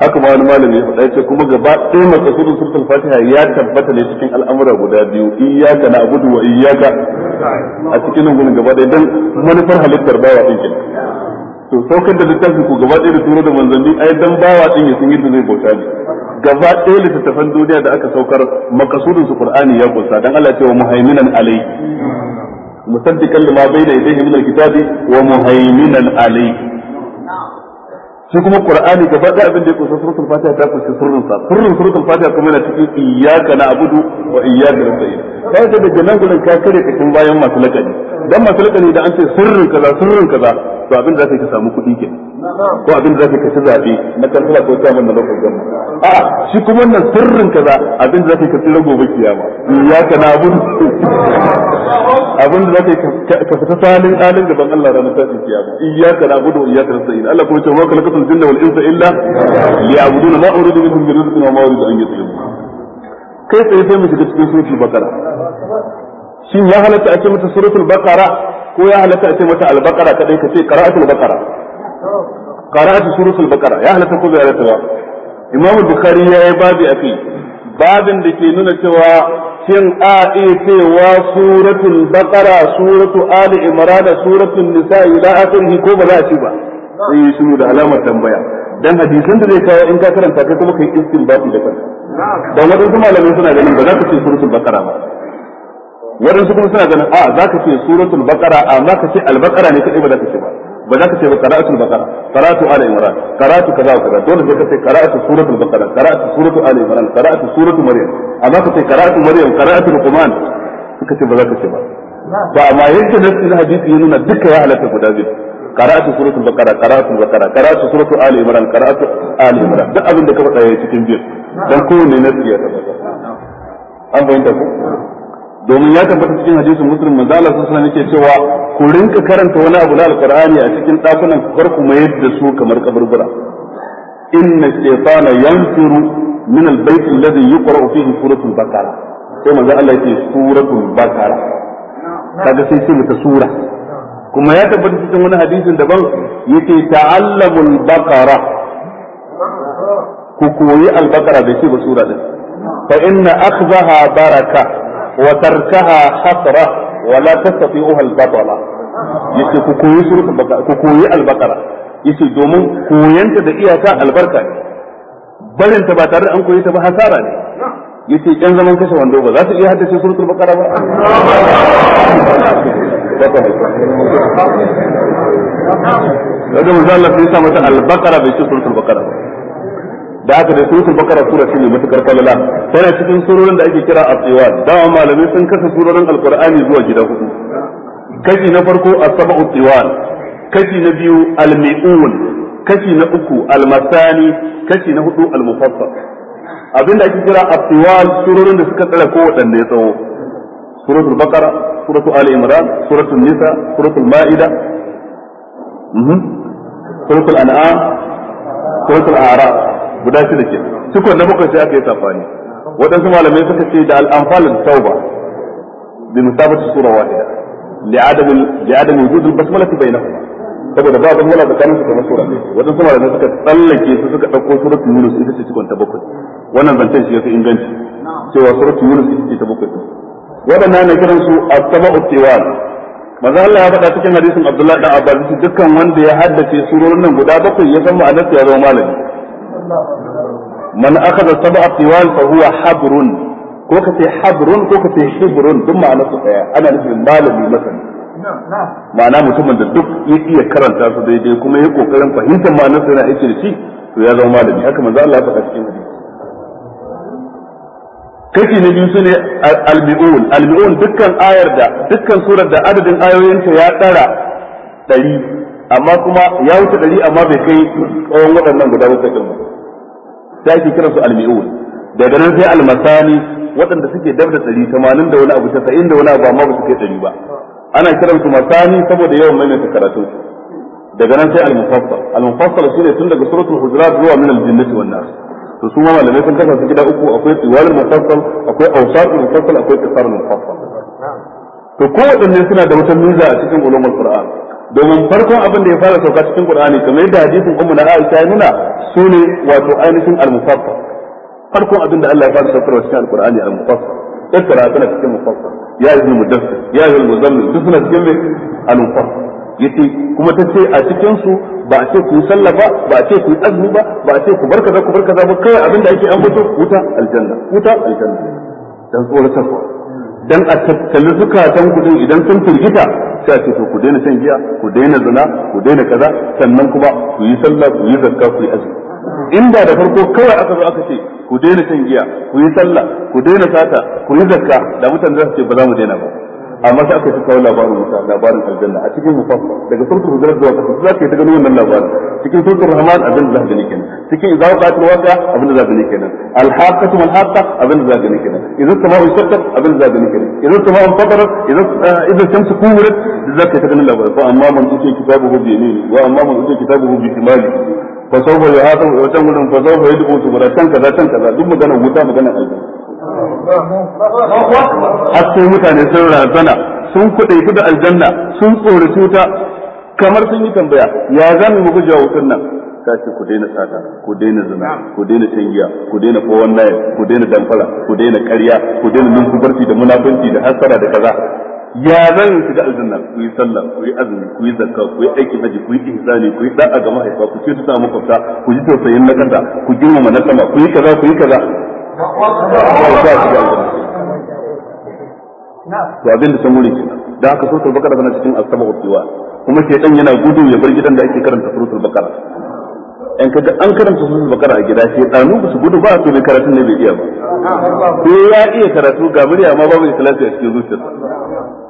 haka ma wani malami ya faɗa ce kuma gaba ɗaya mai kasudin suratul fatiha ya tabbata ne cikin al'amura guda biyu iyyaka na'budu wa iyyaka a cikin nan gurin gaba ɗaya dan manufar halittar bawa din kenan to saukar da littafin ku gaba ɗaya da turo da manzanni ai dan bawa din ya san yadda zai bauta ne gaba ɗaya littattafan duniya da aka saukar makasudin su qur'ani ya kunsa dan Allah ya wa muhaiminan alai musaddiqan lima bayna yadayhi min alkitabi wa muhaiminan alai shi kuma qur'ani gaba ɗaya abin da ya kunsa suratul fatiha ta kunsa sirrin sa sirrin suratul fatiha kuma yana cikin iyyaka na'budu wa iyyaka nasta'in kai da daga nan gurin ka kare kakin bayan masu lakani dan masu lakani da an ce sirrin kaza sirrin kaza to abin da zaka ka samu kuɗi ke ko abin da zaka ka ci zaɓe na kansila ko ta mun da lokacin gama a shi kuma wannan sirrin ka za abin da zaka ka ci rago ba kiyama ya ka na abun abin da zaka ka fita salin alin gaban Allah da ranar ta kiyama iya ka iyyaka na'budu iya ka nasta'in Allah kuma ya ce wa kalakatul jinna wal insa illa li liya'buduna ma uridu minhum min rizqin wa ma uridu an yut'imun kai tsaye sai mu shiga cikin suratul baqara shin ya halatta a ce mata suratul baqara ko ya halatta a ce mata albaqara kadai ka ce qira'atul baqara qira'atu suratul baqara ya halatta ko bai halatta ba imamu bukhari ya yi babi a kai babin da ke nuna cewa shin a iya cewa suratul baqara suratu ali imran suratul nisa ila akhirih ko ba za a ci ba sai yi shiru da alamar tambaya dan hadisan da zai kawo in ka karanta kai kuma kai istinbati da kanka dan wadansu malamai suna ganin ba za ka ce suratul baqara ba waɗansu kuma suna ganin a za ka ce suratul a za ka ce al ne kadai ba za ka ce ba ba za ka ce ba qara'atul baqara qara'atu ali imran qara'atu kaza kaza dole sai ka ce karatu suratul baqara karatu suratu ala imran karatu suratu maryam amma ka ce karatu maryam karatu luqman suka ce ba za ka ce ba ba amma yadda nasu na hadisi ya nuna duka ya halatta guda biyu karatu suratul baqara karatu baqara karatu suratu ala imran karatu ala imran duk abin da ka faɗa yayi cikin biyu dan kowanne nasu ya tabbata an bayyana ku domin ya tabbata cikin hadisin muslim manzo Allah sallallahu alaihi yake cewa ku rinka karanta wani abu na alqur'ani a cikin dakunan kar ku mayar da su kamar kaburbura inna shaytana yanfiru min albayt alladhi yuqra'u fihi suratul baqara sai manzo Allah yake suratul baqara kaga sai sai ta sura kuma ya tabbata cikin wani hadisin daban yake ta'allamul baqara ku koyi albaqara bai shi ba sura din fa inna akhdaha baraka وتركها حسرة ولا تستطيعها البطلة yace ku koyi suratul baqara ku koyi al-baqara yace domin koyanta da iyaka albarka ne barin ta ba tare da an koyi ta ba hasara ne yace yan zaman kashe wando ba za su iya haddace suratul baqara ba da haka da suratul bakara sura ce mai matukar falala tana cikin surorin da ake kira asiwa dawa malamai sun kasa surorin alqur'ani zuwa gida hudu kashi na farko as-sab'u tiwal kashi na biyu al-mi'un kashi na uku al-masani kashi na hudu al-mufassal abinda ake kira asiwal surorin da suka tsara kowaɗanne tsawo suratul bakara suratul ali imran suratul nisa suratul ma'ida mhm. suratul an'am suratul a'raf guda shida ke cikon na bakwai sai aka yi safani waɗansu malamai suka ce da al'amfal tauba bi musabati sura wahida li adam li adam wujud al basmala bainahuma saboda ba basmala tsakanin su kamar sura ne waɗansu malamai suka tsallake su suka dauko suratul yunus ita ce cikon ta bakwai wannan zancen shi yafi inganci cewa suratul yunus ita ce ta bakwai waɗannan ne kiran su at-tabu tiwan maza Allah ya faɗa cikin hadisin Abdullah dan Abbas dukkan wanda ya haddace surorin nan guda bakwai ya san ma'anar ya zama malami man akhadha sab'a tiwal fa huwa habrun ko ka ce habrun ko ka ce shibrun duk ma'ana su daya ana nufin malami masani ma'ana mutumin da duk ya iya karanta su daidai kuma ya kokarin fahimtar ma'anar sa yana aiki da shi to ya zama malami haka manzo Allah ya faɗa cikin hadisi kashi na biyu sune albi'un albi'un dukkan ayar da dukkan surar da adadin ayoyinta ya tsara ɗari amma kuma ya wuce ɗari amma bai kai tsawon waɗannan guda bakwai ɗin ba sai ake kiransu almi'un daga nan sai almasani waɗanda suke dab da ɗari tamanin da wani abu tasa'in da wani abu amma ba su kai ɗari ba ana kiransu masani saboda yawan maimaita karatun su. daga nan sai almufassal almufassal shine tun daga suratul hujurat zuwa min aljinnati wan nas to su ma malamai sun kasa su gida uku akwai tsiwal mufassal akwai awsatul mufassal akwai qisar mufassal to ko waɗanne suna da wata miza a cikin ulumul qur'an domin farkon abin da ya fara sauka cikin Qur'ani kamar yadda hadisin Ummu na Aisha ya nuna sune wato ainihin al-mufassal farkon abin da Allah ya fara saukarwa cikin al-Qur'ani al-mufassal ikra tana cikin mufassal ya yi mudassir ya yi muzammil duk suna cikin al-mufassal yace kuma tace a cikin su ba a ce ku sallafa, ba a ce ku azmi ba ba a ce ku barka ku barka ba kai abin da ake an mutu wuta aljanna wuta aljanna dan tsoratarwa dan a tattali zukatan kudin idan sun firgita sai ce to ku daina shan giya ku daina zina ku daina kaza sannan kuma ku yi sallah ku yi zakka ku yi azumi inda da farko kawai aka zo aka ce ku daina shan giya ku yi sallah ku daina sata ku yi zakka da mutane za su ce ba za mu daina ba amma sai aka kawo labarin wuta labarin aljanna a cikin mufassal daga surtu hujurat zuwa kafin za ka yi wannan labarin cikin surtu rahman abin da za ka gani kenan cikin idawa qatil waqi'a abin da za ka gani kenan al haqqatu mal abin da za ka gani kenan idan sama'u shaqqat abin da za ka gani kenan idan sama'u fatarat idan idan shamsu kuwrat da za ka yi labarin ko amma mun man kitabu hu bi yamini wa amma mun man kitabu hu bi shimali fa sawfa yuhatu wa tan fa sawfa yad'u tubratan kaza tan kaza duk magana wuta magana aljanna har sai mutane sun razana sun kudaitu da aljanna sun tsori cuta, kamar sun yi tambaya ya zan mu gujewa wutan nan ce ku daina tsada, ku daina zina ku daina shan giya ku daina kowan ku daina damfara ku daina karya ku daina nunkubarci da munafunci da hasara da kaza ya zan shiga aljanna ku yi sallah ku yi azumi ku yi zakka ku yi aikin haji ku yi ihsani ku yi da'a ga mahaifa ku ce ta makwabta ku ji tausayin na kasa ku girmama na sama ku yi kaza ku yi kaza to abin da sun wuri kenan da aka suratul bakara tana cikin as-sab'u kuma ke dan yana gudu ya bar gidan da ake karanta suratul bakara in kaga an karanta suratul bakara a gida shedanu ba su gudu ba to mai karatun ne bai iya ba sai ya iya karatu ga murya ma babu ikhlasi a cikin zuciyarsa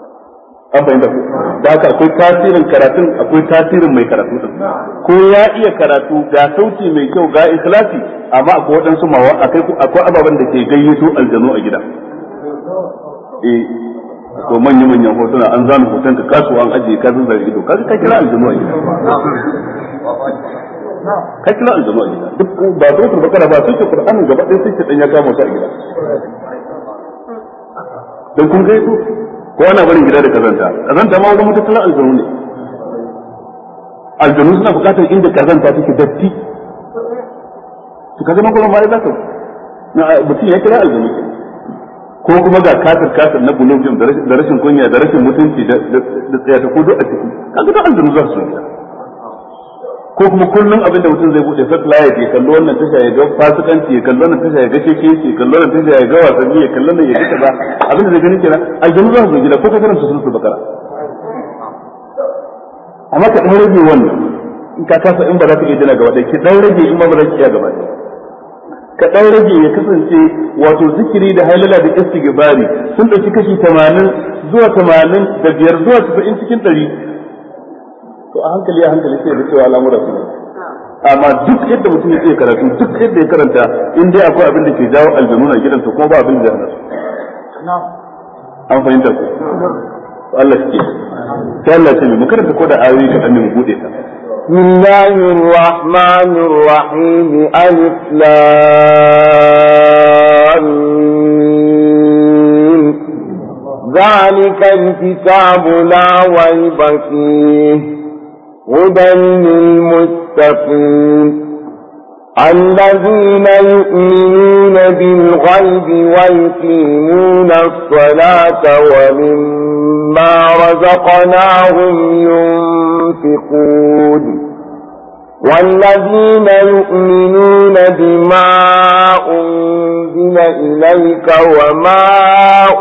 an fahimta ko da haka akwai tasirin karatun akwai tasirin mai karatu din ko ya iya karatu ga sauti mai kyau ga ikhlasi amma akwai waɗansu mawa akwai akwai ababen da ke gayyato aljanu a gida eh to manya manyan hotuna an zanu hoton ka kasuwa an ajiye ka zuwa ido ka ka kira aljanu a gida ka kira aljanu a gida duk ba zo ka kana ba sai ka qur'anin gaba ɗaya sai ka dan ya kama su a gida dan kun gaito ko ana barin gida da kazanta kazanta ma wani matattalin aljanu ne aljanu suna bukatar inda kazanta take datti to kaza nan gurin ma za ka na mutum ya kira aljanu ko kuma ga katar katar na bulogin da rashin kunya da rashin mutunci da tsaya ko kudu a ciki kaga aljanu za su gida ko kuma kullum abin da mutum zai bude satellite ya kallo wannan tasha ya ga fasikanci ya kallo wannan tasha ya ga keke ya kallo wannan tasha ya ga wasanni ya kallo wannan ya ga kaza abin da zai gani kenan a gidan zan su gida ko ka karanta sunan bakara amma ka dan rage wannan in ka kasa in ba za ka iya dana gaba ɗaya ki dan rage in ba ba za ki iya gaba ɗaya ka dan rage ya kasance wato zikiri da halala da istighfari sun dauki kashi 80 zuwa 85 zuwa 90 cikin 100 to a hankali a hankali sai da cewa al'amura su amma duk yadda mutum ya ce karatu duk yadda ya karanta in dai akwai abin da ke jawo aljanu na gidan gidansa kuma ba abin da ya an fahimta ku Allah shi ke ta Allah ne mu karanta ko da ayoyi kaɗan ne mu bude ta بسم الله الرحمن الرحيم ألف ذلك الكتاب لا ريب فيه هدى للمتقين الذين يؤمنون بالغيب ويقيمون الصلاة ومما رزقناهم ينفقون والذين يؤمنون بما أنزل إليك وما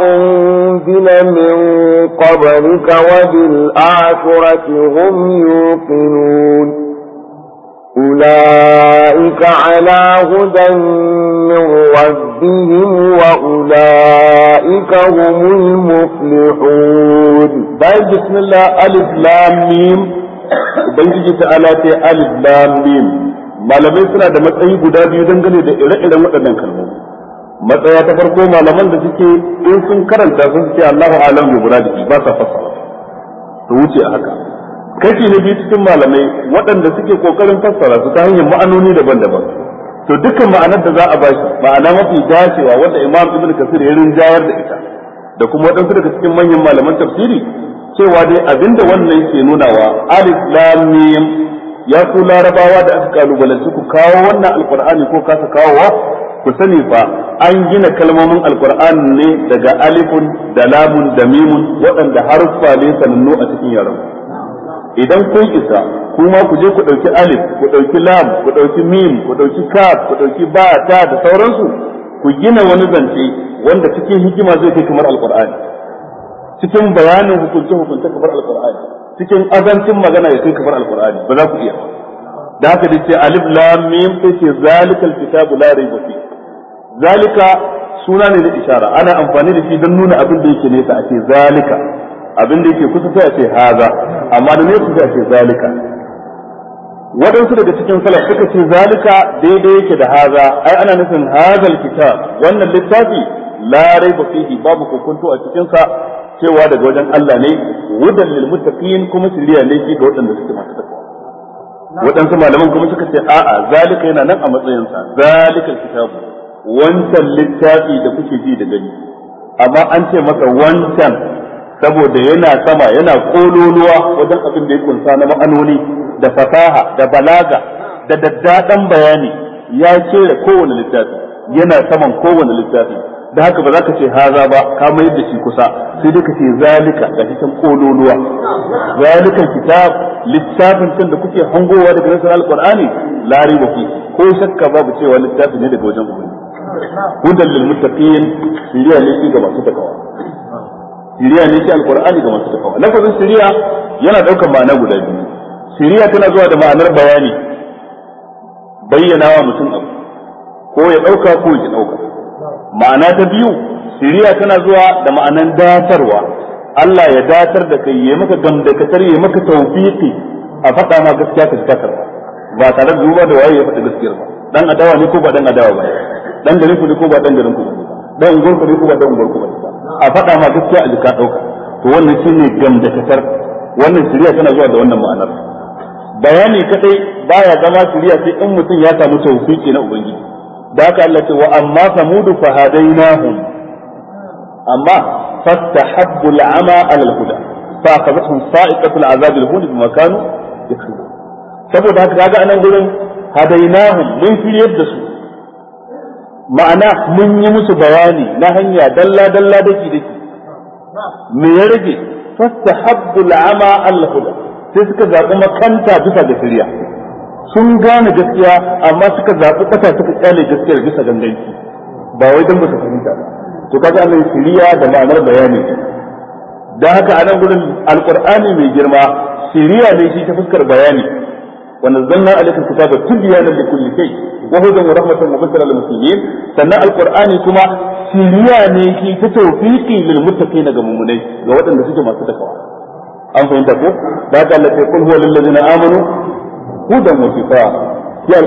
أنزل من قبلك وبالآخرة هم يوقنون أولئك على هدى من ربهم وأولئك هم المفلحون بسم الله ألف لام ميم ubangiji ta ala ta alif lam mim malamai suna da matsayi guda biyu dangane da ire-iren waɗannan kalmomi matsaya ta farko malaman da suke in sun karanta sun ce Allahu alam bi muradihi ba sa fassara to wuce a haka kashi na biyu cikin malamai waɗanda suke kokarin fassara su ta hanyar ma'anoni daban-daban to dukkan ma'anar da za a bashi ma'ana mafi dacewa wanda Imam Ibn Kasir ya rinjayar da ita da kuma waɗansu daga cikin manyan malaman tafsiri cewa dai abinda wannan yake nunawa alif lam mim ya ku larabawa da aka kalubalanci ku kawo wannan alqur'ani ko kasa kawowa ku sani fa an gina kalmomin alqur'ani ne daga alifun da lamun da mimun waɗanda haruffa ne sanannu a cikin yaran idan kun isa kuma ku je ku ɗauki alif ku ɗauki lam ku ɗauki mim ku ɗauki kaf ku ɗauki ba ta da sauransu ku gina wani zance wanda cikin hikima zai kai kamar alqur'ani cikin bayanin hukunce hukunce kamar alqur'ani cikin azancin magana ya kai kamar alkurani ba za ku iya da haka da ce alif lam mim yace zalika alkitabu la rayba fi zalika suna ne na ishara ana amfani da shi don nuna abin da yake nesa a ce zalika abin da yake kusa sai a ce haza amma da nesa sai a ce zalika waɗansu daga cikin salaf suka ce zalika daidai yake da haza ai ana nufin hazal kitab wannan littafi la raiba fihi babu kokonto a cikin sa cewa daga wajen Allah ne wudan lil muttaqin kuma shiriya ne shi ga wadanda suke masu takwa waɗansu malaman kuma suka ce a'a zalika yana nan a matsayin sa zalika kitabu wancan littafi da kuke ji da gani amma an ce masa wancan saboda yana sama yana kololuwa wajen abin da ya kunsa na ma'anoni da fasaha da balaga da daddadan bayani ya cire kowane littafi yana saman kowane littafi da haka ba za ka ce haza ba ka mai da shi kusa sai dai ka ce zalika ga cikin kololuwa zalika kitab littafin kan da kuke hangowa daga nasarar alqur'ani la riba fi ko shakka babu cewa littafin ne daga wajen ubangiji hudan lil muttaqin siriya ne ga masu takawa siriya ne shi alqur'ani ga masu takawa lafazin siriya yana daukar ma'ana guda biyu siriya tana zuwa da ma'anar bayani bayyanawa mutum abu ko ya dauka ko ya dauka ma'ana ta biyu shiriya tana zuwa da ma'anan datarwa Allah ya datar da kai ya maka gamdakatar ya maka tawfiqi a faɗa ma gaskiya ka ji ba tare da duba da waye ya faɗi gaskiyar ba dan adawa ne ko ba dan adawa ba dan garin ku ne ko ba dan garin ku dan unguwar ku ne ko ba dan unguwar ku ba a faɗa ma gaskiya a jika ɗauka to wannan shine gamdakatar wannan siriya tana zuwa da wannan ma'anar bayani kadai baya zama siriya sai in mutum ya samu tawfiki na ubangiji da haka Allah ce wa amma samud fa hadainahum amma fastahabbu al'ama 'ala al-huda fa akhadhatuhum sa'iqatu al-'adhab al-hun bima kanu saboda haka kaga anan gurin hadainahum mun fi yadda su ma'ana mun yi musu bayani na hanya dalla dalla dake dake me ya rage fastahabbu al'ama 'ala al-huda sai suka zaɓi makanta bisa ga shari'a sun gane gaskiya amma suka zaɓi ƙasa suka kyale gaskiyar bisa ganganci ba wai don ba su fahimta da to kaga da ma'anar bayani nan haka anan gurin mai girma shiriya ne shi ta fuskar bayani wa nazzalna alayka kitaba tibyana li kulli shay wa hudan wa rahmatan wa bushra lil muslimin sannan alqur'ani kuma shiriya ne shi ta tawfiqi lil muttaqin ga mu'minai ga waɗanda suke masu takawa an fahimta ko da haka Allah ya kul huwa lil ladina amanu hudan wa shifa ya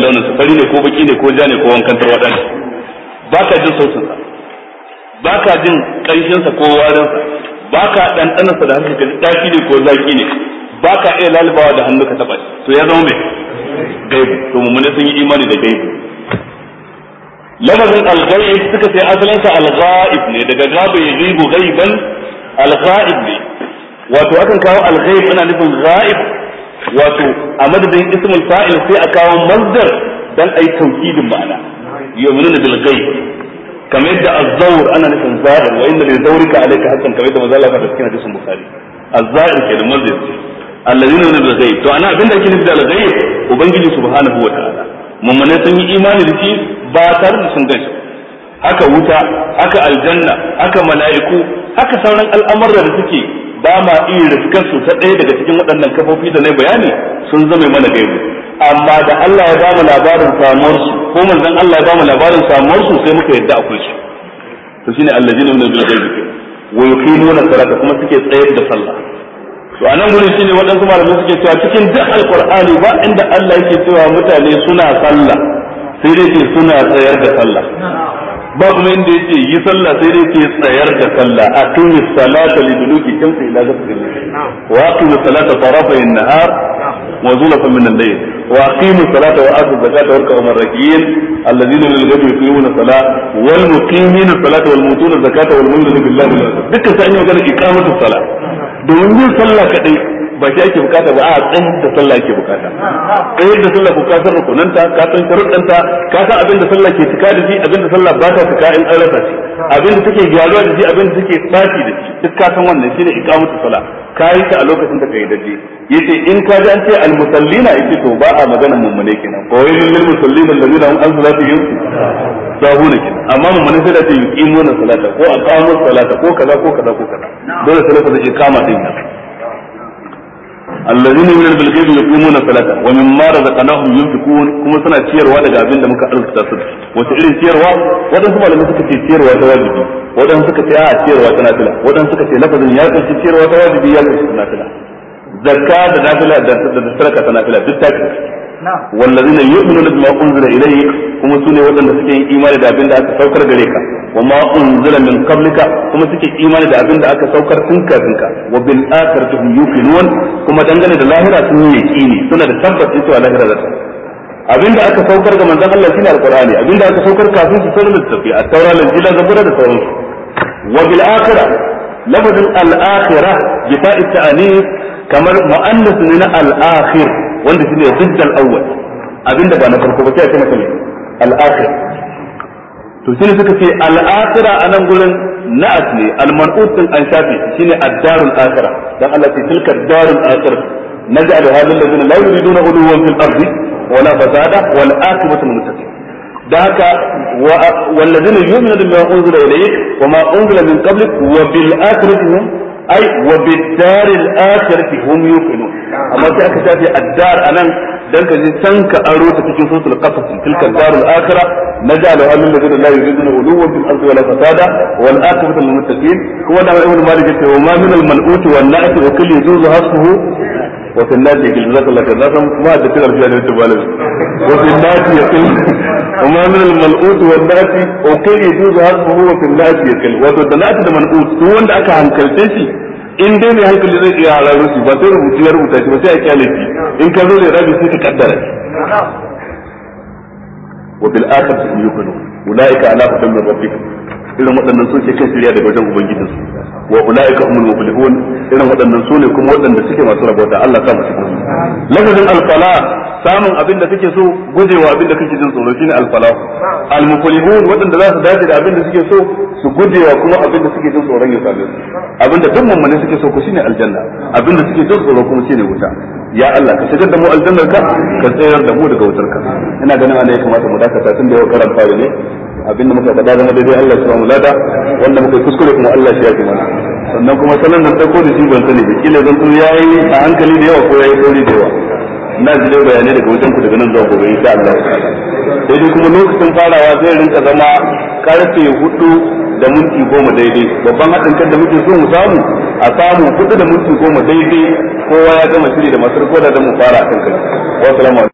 launin sa fari ne ko baki ne ko ja ne ko wankantar tarwada ba ka jin sautin sa ba ka jin ƙarshen sa ko warin sa ba ka ɗanɗanan sa da hannu ka daki ne ko zaki ne ba ka iya lalibawa da hannu ka taɓa to ya zama mai gaibu to mummune sun yi imani da gaibu lafazin al suka ce asalinsa al ne daga gaba yazibu ghaiban al ne wato akan kawo al-ghaib ana nufin ghaib wato a madadin ismul fa'il sai a kawo masdar dan ai tawkidin ma'ana yu'minuna bil ghaib kamar yadda az-zawr ana nufin zahir wa inna li-zawrika alayka haqqan kamar yadda manzo Allah ya cikin hadisin bukhari az-zahir kenan masdar alladhina min al-ghaib to ana abinda ake nufi da al-ghaib ubangiji subhanahu wa ta'ala mummune sun yi imani da shi ba tare da sun gaishe haka wuta haka aljanna haka mala'iku haka sauran al'amuran da suke ba ma iya rufkan su ta ɗaya daga cikin waɗannan kafofi da na bayani sun zame mana gaibu amma da Allah ya bamu labarin samuwar su ko manzon Allah ya bamu labarin samuwar su sai muka yadda akwai shi to shine allazina min al-ghaibi wa yuqimuna salata kuma suke tsayar da sallah to a nan gurin shine waɗansu malamai suke cewa cikin duk alkur'ani ba inda Allah yake cewa mutane suna sallah sai dai ke suna tsayar da sallah ba kuma inda yake yi sallah sai dai ke tsayar da sallah a tuni salata li duluki kimsa ila zakrin wa aqimi salata tarafa an-nahar وزلفا من الليل واقيموا الصلاه واتوا الزكاه واركعوا الراكعين الذين للغد يقيمون الصلاه والمقيمين الصلاه والمؤتون الزكاه والمؤمنون بالله والرسول دكا سأني اقامه الصلاه دون yin sallah ba shi ake bukata ba a tsayin da sallah ake bukata tsayin da sallah ko ka rukunanta ka san sharuɗanta ka san abin da sallah ke cika da shi abin da sallah ba ta cika in an rasa shi abin da take gyaruwa da shi abin da take tsafi da shi duk ka san wannan shine iqamatu sala ka yi ta a lokacin da kai dace yace in ka ji an ce al musallina yace to ba a magana mummune kenan ko yin lil musallina alladina hum an sabu sahuna kenan amma mummune sai da ce yuqimuna salata ko aqamu salata ko kaza ko kaza ko kaza dole salata da kama din nan allazina yu'minuna bil ghaibi yuqimuna salata wa mimma razaqnahum yunfiqun kuma suna ciyarwa daga abin da muka arzuta su wata irin ciyarwa wadansu malamai suka ce ciyarwa ta wajibi wadansu suka ce a ciyarwa ta nafila wadansu suka ce lafazin ya kunshi ciyarwa ta wajibi ya kunshi ta nafila zakka da nafila da sadaka ta nafila duk ta wallazina yu'minuna bima unzila ilayk kuma sune wadanda suke yin imani da abin da aka saukar gare ka wa ma kuma suke imani da abin dangane da lahira sun yi yaqini suna ga manzon Allah shine alqur'ani abin aka saukar kafin su sanar da a taura lanjila zabura da lafazin al akhirah kamar ne to shine suka ce al-akhirah anan gurin na'at ne al-man'ut din an shafi shine ad-darul akhirah dan Allah ce tilka ad-darul akhirah naj'al halil ladina la yuriduna uluwan fil ardi wala fasada wal aqibatu lil muttaqin daka walladina yu'minuna bima unzila ilayk wama unzila min qablik wa bil akhirati hum ay wa bid daril akhirati hum yuqinun amma sai aka shafi ad-dar anan dan ka je can ka aro ta cikin suratul qasas tilka darul akhirah naj'aluha lil ladina la yuriduna uluwan fil ardi wala fasada wal aqibatu lil muttaqin huwa da ibn malik ce wa ma min al mal'ut wal na'at wa kullu yuzu hasbuhu wa fil nadi jazakallahu jazatan ma da tilar fiya da balal wa fil nadi yaqil wa ma min al mal'ut wal na'at wa kullu yuzu hasbuhu wa fil nadi yaqil wa da na'at da mal'ut duk wanda aka hankalce shi in dai ne hankali zai iya raro shi ba sai rubutu ya rubuta shi ba sai a kyale shi in ka zo da rabi sai ka kaddara shi wa bil akhirati yi yuqinun ulaika ala hudan min rabbik irin waɗannan su ke kan shirya daga wajen ubangijinsu su wa ulaika humul muflihun irin waɗannan su ne kuma waɗanda suke masu rabota Allah ta masu lafazin alfala samun abin da suke so gujewa abin da kake jin tsoro shine alfala almuqlihun wadanda za su dace da abin da suke so su gujewa kuma abin da suke jin tsoro ya same su abin da duk mummune suke so ku shine aljanna abin da suke jin tsoro kuma shine wuta ya Allah ka shigar da mu aljannar ka ka tsayar da mu daga wutar ka ina ganin ana ya kamata mu dakata tun da yau karanta ne abin da muka faɗa zama daidai Allah ya samu lada wanda muka kuskure kuma Allah shi ya ji mana sannan kuma sanar da ɗauko da shi ban sani ba kila zan ya yi a hankali da yawa ko ya yi sauri da yawa na ji dai bayanai daga wajen ku daga nan zuwa gobe insha Allah sai dai kuma lokacin farawa zai rinka zama karfe hudu da minti goma daidai babban haɗin kan da muke so mu samu a samu hudu da minti goma daidai kowa ya gama shiri da masu rikoda da mu fara a kan kai wasu